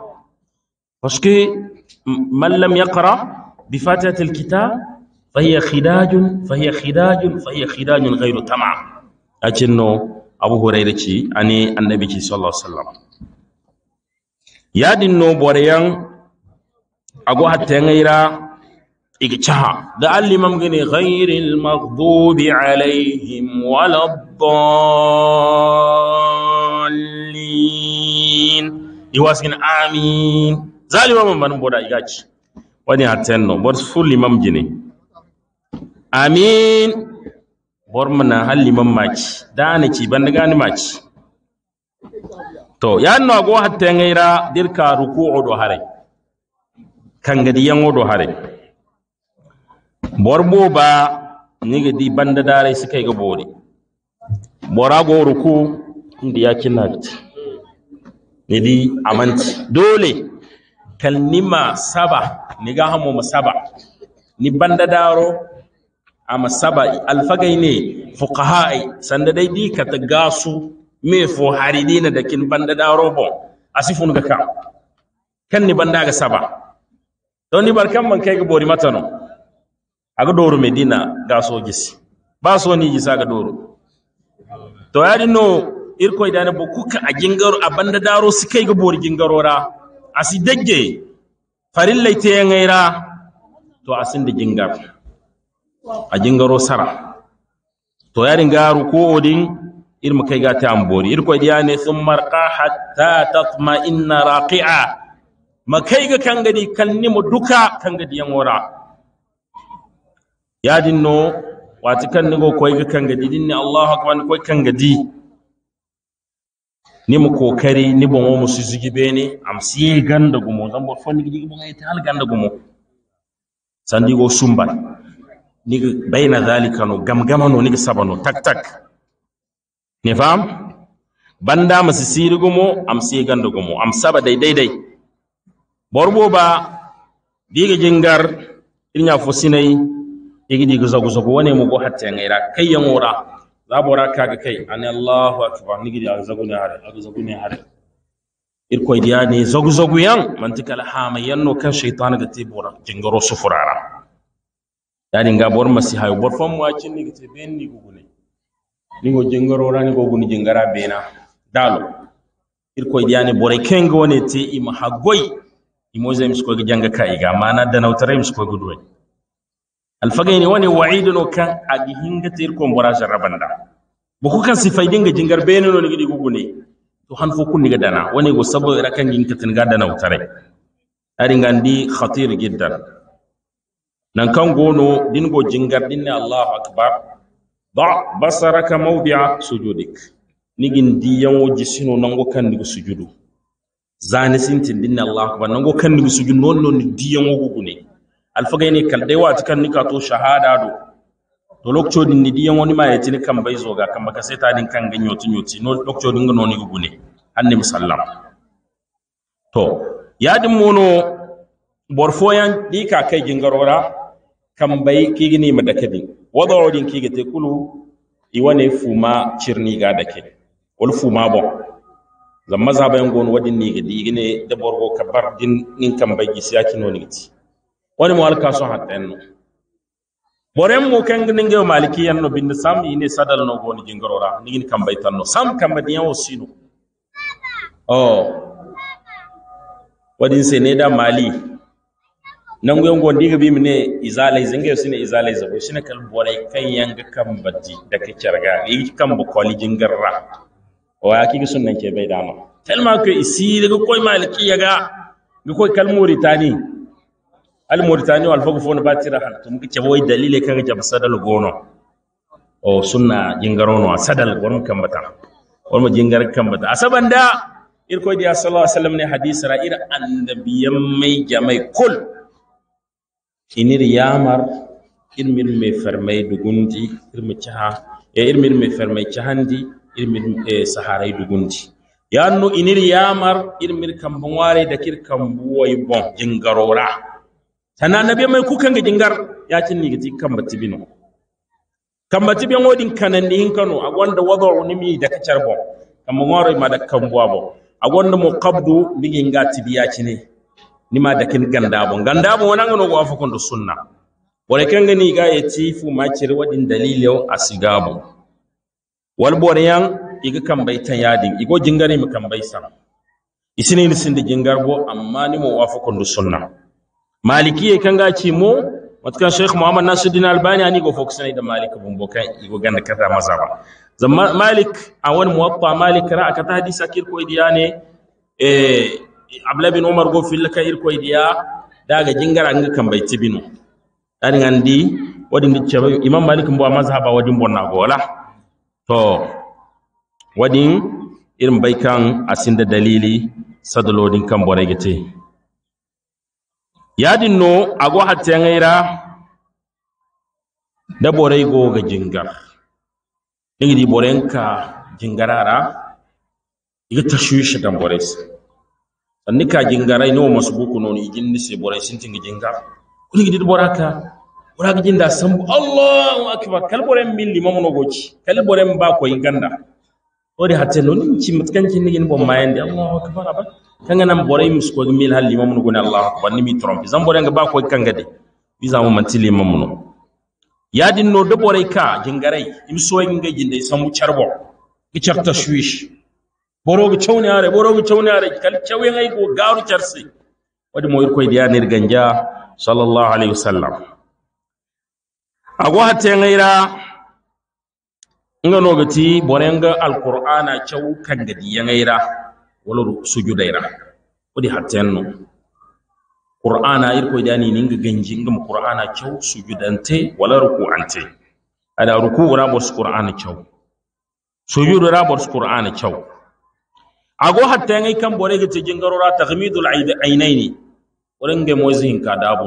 parce que man lam yaqra bi fatihati lkitab fahiya khidajun fahiya khidajun fahiya khidajun gayru tamam acinno abu hurayra ci ani annabi ci sallah sallam yadin no boreyan ago hatta iga igcaha da allimam gini ghairil maghdubi alaihim waladdallin iwaskin amin zalima mam ban boda igachi wani hatenno bor fu limam gini amin bor mana hal limam maci dana ci ban gani maci to ya no go hatta ngaira dirka ruku'u do hare kangadi yango do hare borbo ba niga di banda dare suka ga bore bora go ruku ndi yakin nagti ni di amanti dole kalnima saba niga hamo saba, ni banda daro ama saba alfagai ne fuqaha'i sanda dai di ka gasu me fo haridina da kin banda da robo asifun ga ka kan ni banda ga saba don ni barkan man kai ga bori matano aga doro medina ga so gisi ba so ni gisa ga doro to yadi no irko idana bo kuka a gingaro a banda daro su kai ga bori ra asi dagge farillai te yangaira to asin da gingar a gingaro sara to ya garu ko odin ir mu kai ga ta ambori ir ko ne sun marqa hatta tatma inna raqi'a kai ga kan gani kalni mu duka kan gadi yan wora ya dinno wati kan ni go koy ga kan gadi dinni allahu akbar koy kan gadi ni mu kokari ni bon su zigi be bene am si ganda gumo zan bo fonni gidi gumo ngai tan ganda gumo sandi go sumbar ni bayna zalika no gamgama no ni sabano tak tak ne fam banda masi sirigumo am sigandugumo am saba dai dai dai borbo ba diga jingar irnya fosinai igi diga zago zago wane mu go hatta ngaira kai yan ora zabora kaga kai an Allahu akbar nigi diga zago ne hare zago zago ne hare irkoy diya ne zago zago yan mantikal mai yanno kan shaytan ga tibura jingaro sufurara yani ga bor masi bor fam wacin nigi te ben ni gugune nigo jengarora ko guni jengara bena dalo irko yani bore kengo woni te ima hagoy imoze mskoge janga ga mana da nautare mskoge duwe alfagaini wani wa'idun kan agi hinga te irko mbora jarabanda boku kan sifai ga jingar bena no nigi digu guni to han fo kunni dana wani go sabo irakan ginka tin da nautare ari ngandi khatir giddan nan kan gono dingo jingar dinne allahu akbar da basaraka mawdi'a sujudik nigin diyango sino nango kan kandigo sujudu zani tin dinna allah akbar nango kan kandigo sujudu non non diyango gugune alfagayne kalde wati kan nika to shahada do to lokcodin ni diyango ni ma ya yetini kan bai zo ga, kan baka sai ta din kan ga nyoti nyoti no lokcodin ga noni gugune annabi sallam. to yadin mono borfoyan ka kai gingarora kan bai kigini madakadin wado din ki gete kulu iwane fuma cirni ga dake wal fuma bo zamma zabayan gon wadin ni ga digine da borgo kabar din nin kan bai gisiya kino ni gidi wani mu alka so hatten borem mu kan ngin ga maliki yanno bin sam ne sadal no goni jingorora nin kan bai tanno sam kan bai yawo sino oh wadin sai ne da mali Nan nangu yongo ndiga bi mine izalay zinga sine izalay zabo sine kal boray kan yanga kam baddi da ke carga yi kan bu koli jingarra wa hakiki sunnan ke bai dama talma ko isi daga koy maliki yaga ga koy kal muritani al muritani wal fagu fon batira hal to muke boy dalile kan ga sadal gono o sunna jingarono sadal gono kam bata wal jingar kam bata asabanda irko di sallallahu alaihi wasallam ne hadisi ra ir annabiyan mai jamai kul Inir yamar irmir me fermay dugundi irmi caha e irmir me fermay cahandi irmir e saharai dugundi yanno inir yamar irmir kambon ware da kir kambu way bon jingarora tana nabi mai kukan ga jingar ya cin ni gati kan batibino kan batibin wodin kanan ni Kano, a wanda ni nimi da kacar bon kambon ware ma da kambuwa bon a wanda muqabdu qabdu ligin ga tibiya ne. nima dakin gandabon gandabon wani ngano go afa da sunna wala kanga ni ga ci e fu macir wadin a asigabo wal boryan iga kambai tan yadin igo jingare kan kambai sana isini ni sindi jingar bo amma ni mo wafa da sunna maliki e ga ci mo watkan sheikh muhammad nasuddin albani ani go fokusana da malik bun bokan igo ganda kata mazaba zamma malik a wani muwatta malik ra'a kata hadisa kirko idiyane eh abla bin umar go fil ka irko idiya daga jingara ngi kan bai tibino dan ngandi wadin chebe imam malik mbo mazhaba wadin bonna la. to wadin irin bai kan asinda dalili din kan bore gete yadin no ago hatta ngaira da bore go ga jingar ngi di borenka jingarara iga tashwishi dan borais sanni ka masu ino n'o ni jindi se bora sintingi jinga kuli gidi bora ka bora ginda sambu Allahu akbar kal bora milli mamuno goci kal bora ba ko inganda odi hatte non ci matkan ci ngin bo mayande Allahu akbar abat kanga nam bora mus ko mil halli no gona Allahu akbar ni mi trompe zam bora nga ba ko kanga de biza mo mantili mamuno yadin no de bora ka jingarai im so nga jinde sambu charbo ki chakta shwish borogo cewniare borogo cewniare kala cewen ay ko gaaru carse waɗi mo irkoye yanir ganja Sallallahu alaihi wa sallam ago hattengayra nga nogati borenga alqur'ana cew kanga diyangayra wala sujudayra waɗi hattenno qur'ana irkoye yani ninga ganji ngama qur'ana cew sujudante wala ruku'ante aɗa ruku'ura Su qur'ana cew sujudura su qur'ana cew ago hatta ngai kan bore ga tigin garora taghmidul ainaini wurin ga mozi ka dabu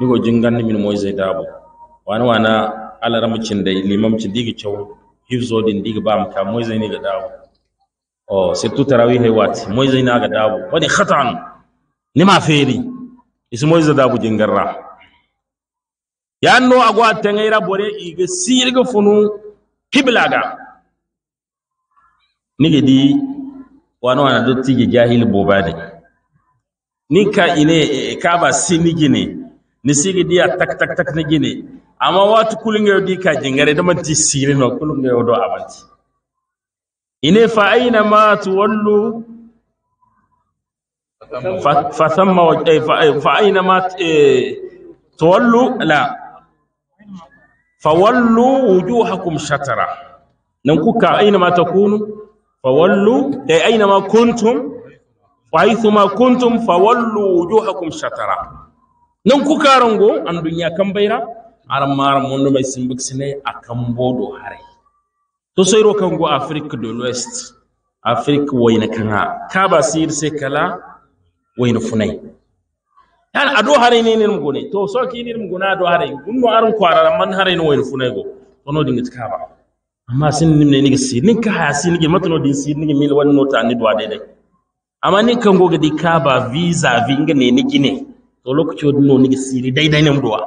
ni go jingan min mozi dabu wani wana alaramcin da limamcin diga cewa hifzo din diga ba maka mozi ni ga dabu o surtout tarawih wati mozi na ga dabu wani khatan ni ma feri is mozi dabu jingarra yanno ago hatta ngai ra bore iga sirga funu kiblaga nige di wano wana do tigi ne, ni ka ine ni sinigine gidi a tak tak tak nigine amma watu kulinga di ka jingare da manti sire no kulinga yodo abanti ine fa na ma tuwallu fa thamma wajhi eh, eh, fa aina ma eh, tuwallu la fa wallu wujuhakum shatara nan kuka aina ma kunu. fawallu ay aina ma kuntum wa haythuma kuntum fawallu wujuhakum shatara nan ku karango an dunya kan bayra aran maran mundu mai simbik sine akan bodo hare to sai ro kan go afrique do West, afrique wayna kana ka ba sir sai kala wayna funai yan ado hare ne ne mugone to so ki ne mugona ado hare gunno aran kwarara man hare ne wayna funai go dingit ka ba amma sin nimne ni gisi nin ka ha sin ni matano din sin ni mil wan nota ni dwa dai amma ni kan goga di ka ba visa vinga ne ni gine to lokaci wadu no ni gisi dai dai ne mduwa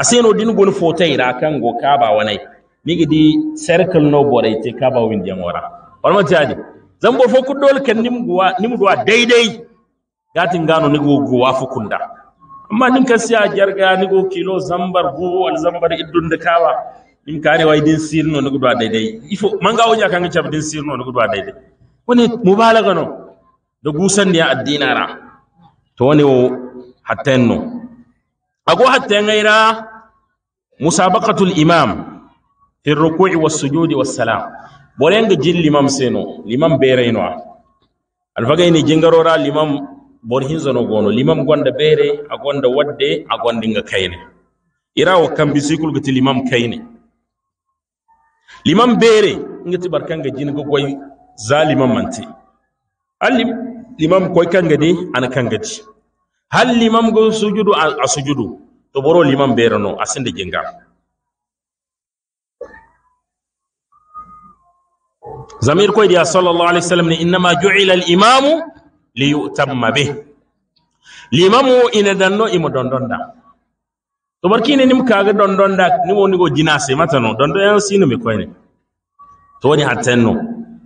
a sai no din gon foto ira kan go ka ba wanai ni gidi circle no bore te ka ba windi yan wara ma tiaji zan bo fo kudol kan nim guwa nim duwa dai dai gatin gano ni go guwa fu kunda amma nin kan siya jarga ni go kilo zambar go zambar idun da kawa in ka ne wai din sirno nugu a daidai ifo manga wonya kan chab din sirno nugu a daidai wani mubalaga no da gusan ne addina ra to wani wo hatten no ago hatten gaira musabaqatul imam fi ruku'i was sujudi was salam borenga jil limam seno limam bere no alfagai ni jingarora limam bor zano gono limam gonda bere a gwanda wadde a gondinga kayne irawo kambi bisikul gati limam kayne liman bere nga ci barkan ga jini ga goy zaliman manti alli liman koy kan ga di an kan ga ci hal liman go sujudu a sujudu to boro liman bere no asin da jinga zamir koy dia sallallahu alaihi wasallam ne innama ju'ila al-imamu li yu'tamma bih limamu ina danno imo dondonda to barkine nim kaga don don da ni woni go jina sai mata no don don yan sino me koyne to woni no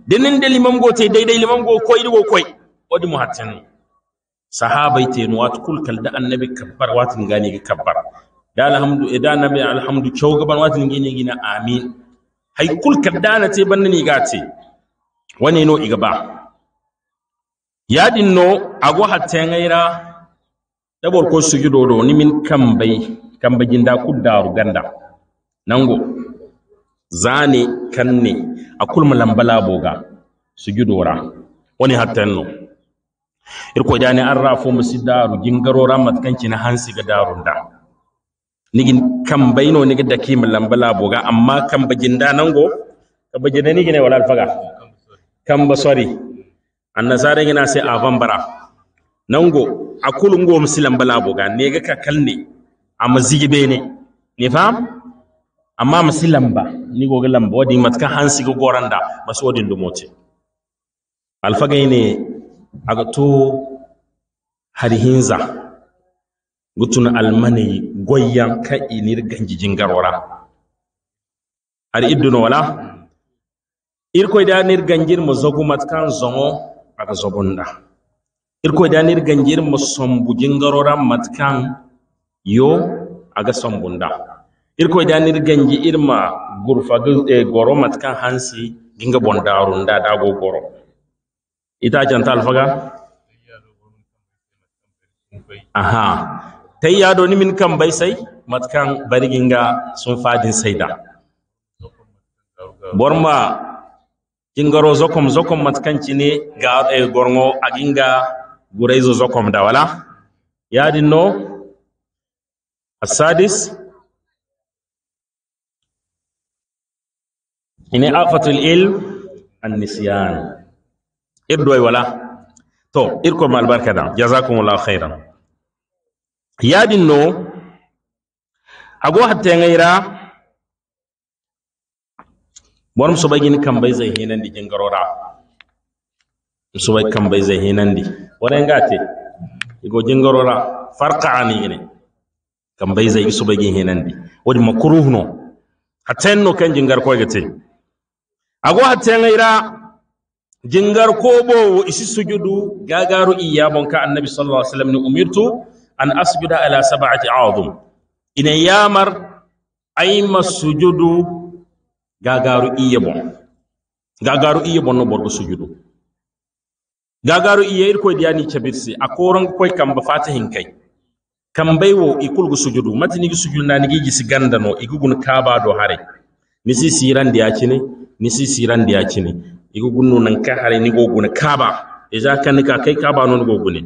dinin da limam go te daidai limam go koy go koy wadi mu no sahabai te no wat kul kal da annabi kabbar wat ngani ga kabbar da alhamdu idan e nabi alhamdu chow gaban wat ngini gina amin hay kul kal da na te ni ga te wani no igaba yadin no ago hatengaira dabor ko sujudo do ni min kambai kamba jinda kuddaru ganda nango zane kanne akul malambala boga sujudora wani hattanno irko dani an rafo musidaru gingarora matkanci na hansi ga darunda nigin kan baino niga da ki malambala boga amma kan da nango kan da ni ne wala alfaga kan basori annasara gina sai avan bara nango akul ngo musilambala boga ne ga kakalne amma zigi ne ne, fam amma masu lamba ni goge lamba wadi matkan hansi go goranda masu wadin dumoce alfaga ne aga to harhinza gutun almani goyan ka inir ganjijin garora har idduno wala irko da nir ganjir mu zogu matkan zomo aga zobunda irko da nir ganjir mu sombujin garora matkan yo aga bunda irko danir ganji irma gurfa e goro matkan hansi ginga bondarun da dago goro ita janta alfaga aha tai yado ni min kan bai sai matkan bari ginga sun fadin saida borma gingaro zokom zokom matkan ne ga e gorngo aginga gurezo zokom da wala yadin no Asadis ini afatul ilm an-nisyan irdoy wala to irko mal barkada jazakumullahu khairan ya no agu hatta ngaira borom so bagini kam bay zay hinan di jingarora so bay kam bay zai hinan di wore ngate igo jingarora farqa ani ne kan bai zai isu bagin hinandi wadi makruh no A no kan jingar ko gate ago haten ira jingar ko bo isi sujudu gagaru iya bonka annabi sallallahu alaihi wasallam ni umirtu an asjuda ala sab'ati a'dhum ina yamar ay sujudu, gagaru iya bon gagaru iya bon no borgo sujudu gagaru iya ir ko diani chabirsi akoron kan kamba fatihin kai kan ikul gu sujudu gu sujudu nanigi gisi gandano igugun kaba do hare nisi sirandi yakini nisi sirandi yakini igugun nan ka hare ni gogun kaba eja kan ka kai kaba non gogune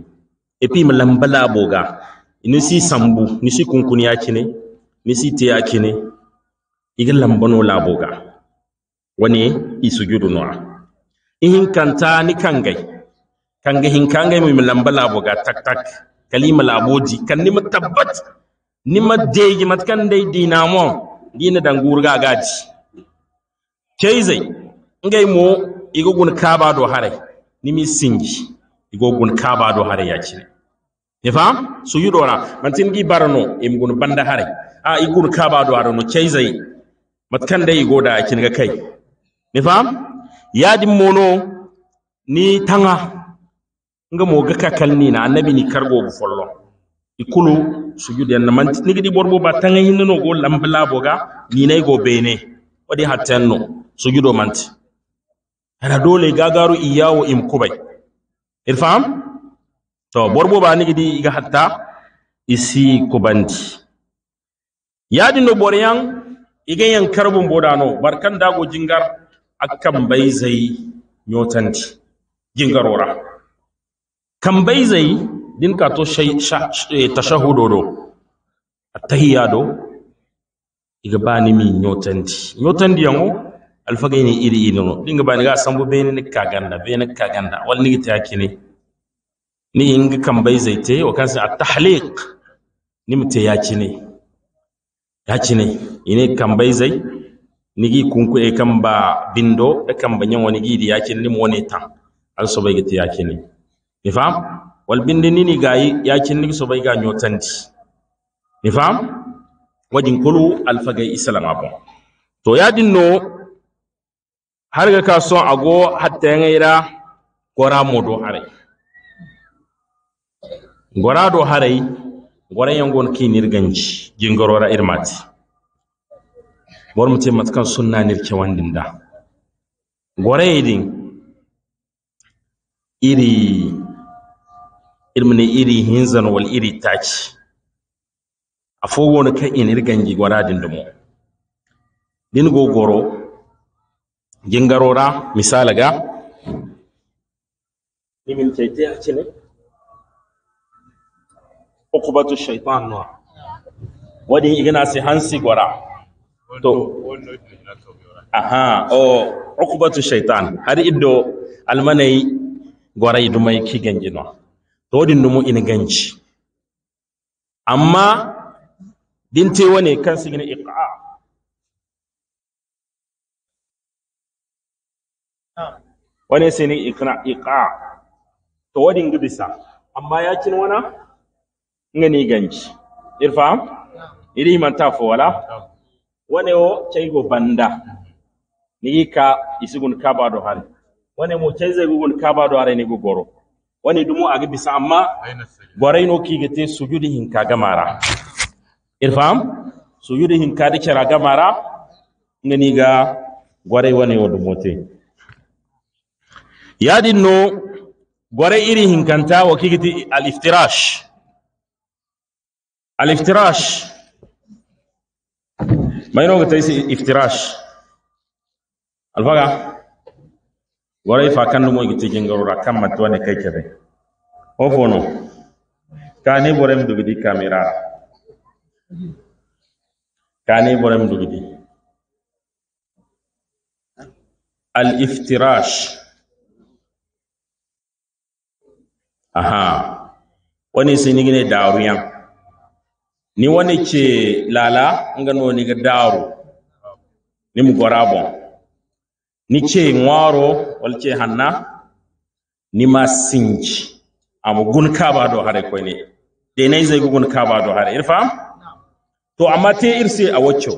epi malambala boga nisi sambu nisi kunkuni ni nisi te ya yakini igin lambano boga wani isujudu a ihin kanta ni kangai kangai hin kangai mu malambala boga tak tak kalima laboji kan nima tabbat nima deegi matkan dai dinamo dina gurga gaji keizai ngai mo igo gun kaba do hare nimi singi igo gun kaba do hare yakine ne fam su yudora tin gi barano im gun banda hare a igun kaba do hare no keizai matkan dai igo da yakin ga kai ne fam yadin mono ni tanga nga moga kakal ni na annabi ni kargo bu follo ikulu sujud yan man gidi borbo ba tanga hinno no go lambla boga ni nay go bene wadi hatanno sujudo manti ana dole gagaru iyawo im kubai irfam to borbo ba gidi ga hatta isi kubandi yadi no boryan igen yan karbun bodano barkan dago jingar akkan bai zai nyotanti jingarora bai zai dinka to eh, tashahudodo attahiyado iga bani mi Nyotandi ñotandi yango ni iri iri no dinga bani ga sambu be ni kaganda ni kaganda wal ni ta kini ni inga bai zai te wa kansa at-tahliq ni mutai ya kini ya kini ine bai zai nigi kunku e ba bindo e ba nyango wani di ya kini ni mo ne tan al bai ga ta ya kini mi fam wal binde nini gayi so bai ga nyotanti. mi fam wadin kulu alfagai isalama abu. to yadin har ga ka son ago hattayangayra gora modo harai? gora do harai, gora yangon kinir ganci jingorora irmati bor mutum matkan sunna nirke wandinda gora yidin iri irmini iri hinzan wal iri taci a fogon ka in ganji gwara dumo din gogoro gingarora jingarora misala ga nimin tete a cine ukubatu shaitan nuwa wadin igina si hansi gwara to aha o ukubatu shaitan har iddo almanai gwara idumai ki ganji rodin numu in ganci amma dinte wane kan gina iqa wane ne iqa iqa to wadin gibisa amma yakin wana ngani ganci irfa iri man ta fo wala wane o go banda ni ka isugun kaba do hal wane mo zai gugun kaba do are ni gugoro wani a gabi bisa amma gwarai no ki gate sujudi hinka gamara irfam sujudi hinka da kira gamara ngani ga gwarai wani wa dumote yadin no gwarai iri hinkanta wa kigiti al-iftirash al-iftirash mai no ga taisi iftirash alfaga warai ifa kan mo giti jingaro ra kam matwa ne kai kebe o fono kani borem dugidi kamera kani borem dugidi al iftirash aha wani sinigi ne daru yan ni wani ce lala ngano ni ga daru ni mu gora bon ni ce nwaro walce hanna ni ma sinci amma gun kaba do hare ko ne de nay zai gun kaba do hare Irfa. to amma te irse a wacce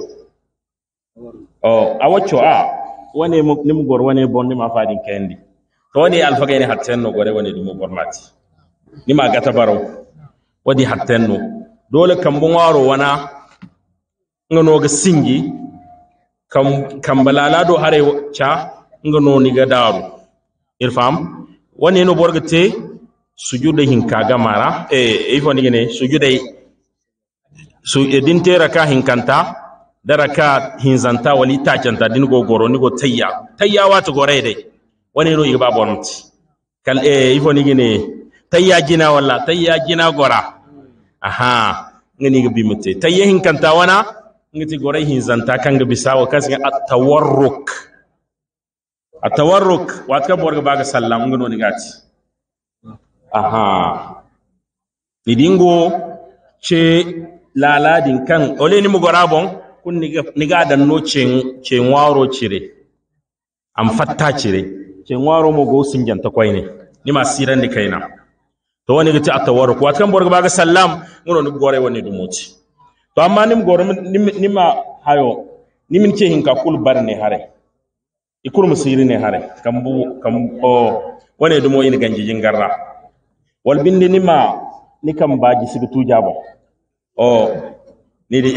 oh a wacce a wane nim gor wane bon ni ma fadin kendi to wani ni hatten no gore wane gor gormati ni ma gata baro wadi no. dole kambun waro wana ngano ga singi kam kambalalaɗo haray ca nganoniga ga daru fam woni no borga te hin kaga mara e ne sujude su edin te raka hinkanta da raka zanta wali janta din go goro ni go tayya tayya to gore dai wani no iba bonti kal e ni ne tayya jina wala, tayya jina gora aha ngani ga bimute tayya hinkanta wana ngati goray hinzanta kanga bisawo kasi at-tawarruk at-tawarruk watka borga baga sallam ngono ni gati aha didingo che lala din kan ole ni mugora bon kun ni ga dan no cen cen waro cire am fatta cire cen waro mo go sinjanta koy ne ni ma siran ni kaina to wani gati wa tawarruk watkan borga baga sallam ngono ni gore woni dumuci to amma nim nim nima hayo nim ce ka kul bar ne hare ikur musiri ne hare bu kam o wane dumo in ganji jingarra wal bindi nima kam baji tu jabo o ni di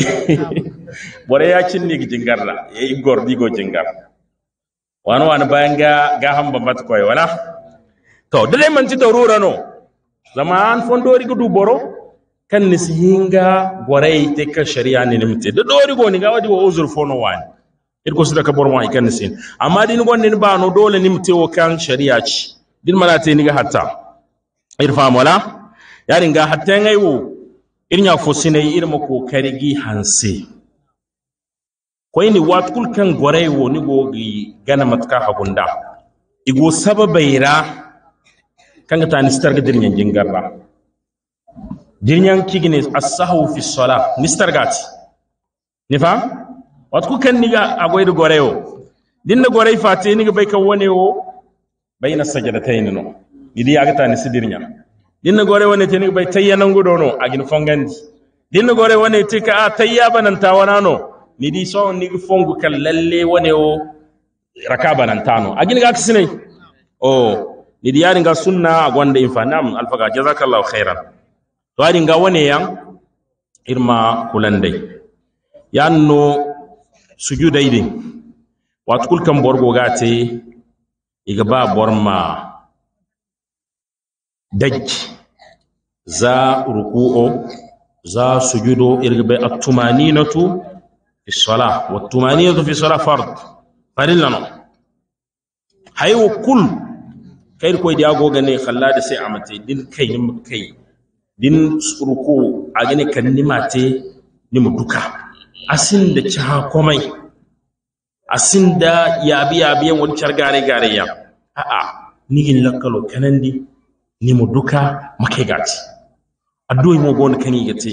bore ya cin ni jingarra e gor digo jingar wani wani bayan ga ga hamba bat koy wala to dole man ti dorura no zaman fondori gudu boro kan nisi hinga gwarai ta kan shari'a ne nimte da dori goni ga wadi wa uzur fono wani ir su da ka bor mai kan sin amma din gwanne ba no dole nimte wa kan shari'a ci din mala ta ni niga hatta ir fam wala yarin ga hatta ngai wo na yi irin mako kari gi hanse Kwai ni wa kan gwarai wo ni go gana gana matka habunda igo sababaira kan ta ni starga yanjin gaba. dinyan kigne as-sahwu fi as-salah gati ni fam wat ku kan niga agoyde goreyo dinna gorey fate niga bay ka wone wo bayna sajadatayn no idi yagata ni sidirnya dinna gore wone te niga bay tayyanan gudo no agin fongandi dinna gore wone te ka a tayyaba bananta wana no ni di so ni fongu kan lalle wone wo rakaba nan tano agin ga kisne o oh, ni di yaringa sunna agonda infanam alfaga jazakallahu khairan to aɗin ga wane yan irma kulanday yan no sujuday din wato kulkan borgo ga ce, iga ba borma dajji za ruku'o za sujudo irgbe at-tumaninatu fi salah wa at-tumaninatu fi salah fard farillano hayu kul kair koy diago gane khalla da sai amate din kai nim kai din tsurko a gani kan nimate mu duka asin da ci ha komai asin da yabi yabiyan wani car gare gare ya a'a ni in lakkalo kanan di mu duka makai gaci addu'ai mu gon kan yi yigate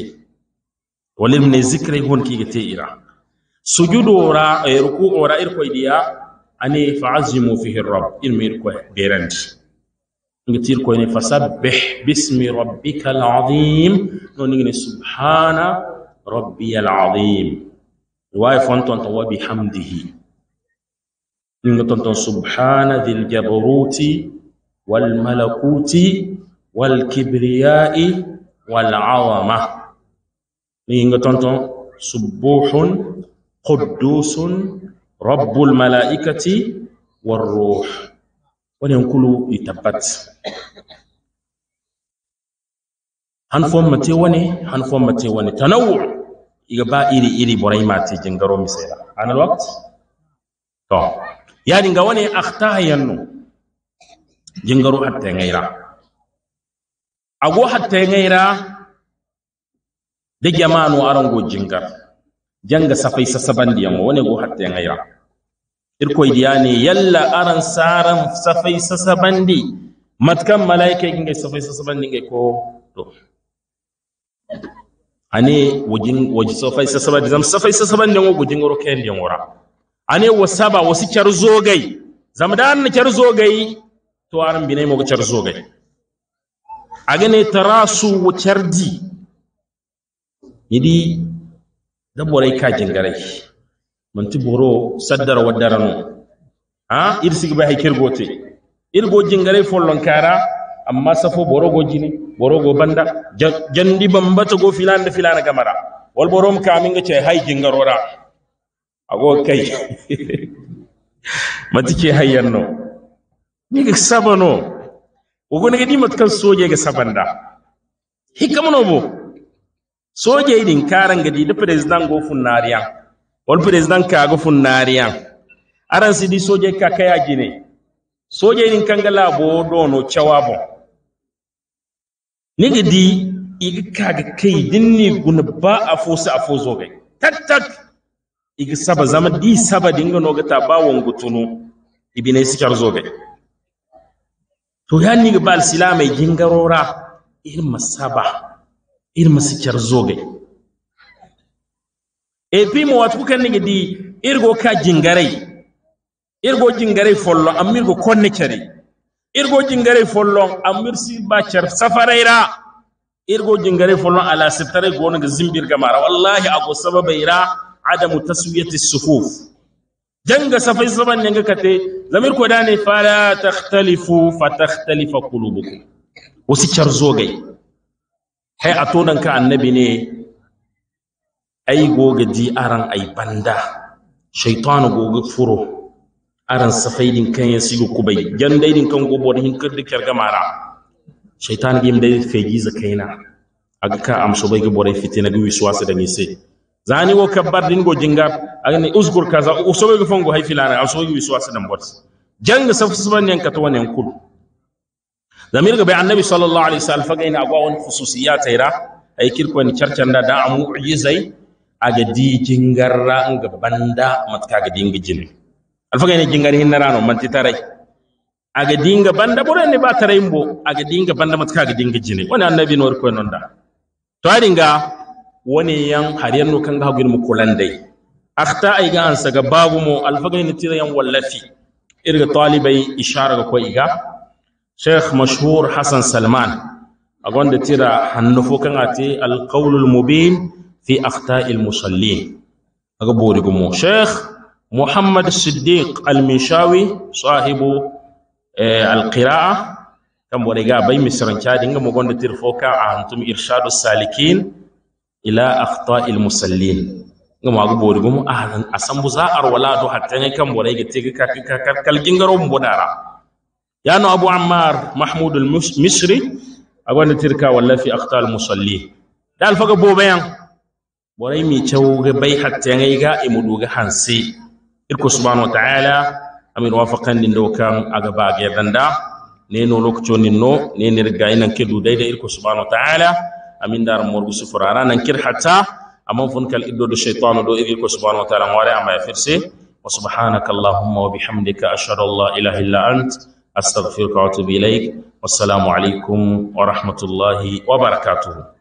walil ne zikra gon ki yigate ira sujudu ra eh, ruku ora irko idiya ani fa'azimu fihi rabb irmi irko berandi نتير كوني فسبح باسم ربك العظيم نونين سبحان ربي العظيم واي فانتون تو بحمده نونين سبحان ذي الجبروت والملكوت والكبرياء والعظمة نونين سبوح قدوس رب الملائكة والروح yan kulu itabbat han fo mate wani hanfon mace wani tanawu iga ba iri iri borai mate jingaro misera anal waqt to ya ga wani akhta yanno jingaro hatta ngaira ago hatta ngaira de jama'anu arango jingar janga safai sasaban diyan wani go hatta ngaira irkoy ne yalla aran saran safai sasabandi matkan malaika inga safai sasabandi inga ko to ane wajin waji safai sasabandi zam safai sasabandi ngo gujin ro kendi ngora ane wasaba wasi char zogai zam dan char zogai to aran binai mo char zogai agane tarasu wucardi yidi dabore ka garai manti boro saddar waddarano ha ir sigba hay kirgote ir go jingare follon kara amma safo boro go jini boro go banda jandi bambata go filan da filana kamara wal borom kamin ga ce hay jingarora ago kai manti ke hayanno ni ga sabano ugo ne ga dimat kan soje ga sabanda hikamno bo soje din karanga di da president go funnariya Wani president kaga funnariyan aran di soje ka kaya jine soje kan gala bo dono cawabo ni di igi kaga kai ni guna ba a fosa a fozo gai tattat igi saba zama di saba dinga noga ta ba wangu tunu ibine sikar zo gai to ni nigi bal silamai gingarora irma saba irma sikar zo gai e pimo watu kan nigi di irgo ka jingare irgo jingarey follo go konne cari irgo jingare follo amir si ba car safarayra irgo jingare follo ala sitare go ga zimbir mara wallahi ago sababayra adamu taswiyati sufuf janga safai saban ne ga kate zamir ko dane fara takhtalifu fatakhtalifa qulubukum wasi car zogai hay atodan ka annabi ne Ai goga di aran ai banda shaytanu goga furo aran safaidin kan ya sigo kubai jan daidin kan gobo da hin kadda kerga mara shaytanu gim dai fegi zakaina aga ka amso bai gobo da fitina bi wiswasa da nise zani wo kabbar din go jinga agani usgur kaza usobe go fongo hay filana amso bai wiswasa dan bot janga safsuban yan kato yan kul zamir ga bai annabi sallallahu alaihi wasallam fagaina agwa wani khususiyata ira ay kirko ni charcanda da amu yizai aga di jingarra nga banda matka aga dinga jini alfaga ne jingar hinna rano manti tarai aga dinga banda bura ne ba tarai mbo aga dinga banda matka aga dinga jini wani annabi no ko non da to nga wani yan harian no kan ga hagin mu kulandai akhta ai ga ansa ga babu mo alfaga ne tira yan wallafi irga talibay ishara ga ko iga Sheikh mashhur Hassan Salman a gwanda tira hannu Al-qawlu al mubin في أخطاء المصلين أقبوركم شيخ محمد الصديق المنشاوي صاحب آه، القراءة كم ورقة بي مسرن شاد إنه مغن ترفوك عنتم إرشاد السالكين إلى أخطاء المصلين نعم أقبوركم أهلاً أسم بزاء أرولا دو حتنة كم ورقة تيكا كاكا كاكا لجنغرهم بنارا يا يعني أبو عمار محمود المصري أقول نتركه ولا في أخطاء المصلين ده الفقه بو بيان borai mi chawga bai hatta ngaiga imuduga hansi irko subhanahu wa ta'ala amin wafakan din dokan aga bage danda ne no lokacin nin no ne ne riga ina ke dudai da irko subhanahu wa ta'ala amin dar morgu sufurara nan kir hatta amman fun kal iddo do shaytanu do irko subhanahu wa ta'ala ngore amma yafirse wa subhanaka allahumma wa bihamdika ashhadu an la ilaha illa ant astaghfiruka wa atubu ilaik wassalamu alaikum wa rahmatullahi wa barakatuh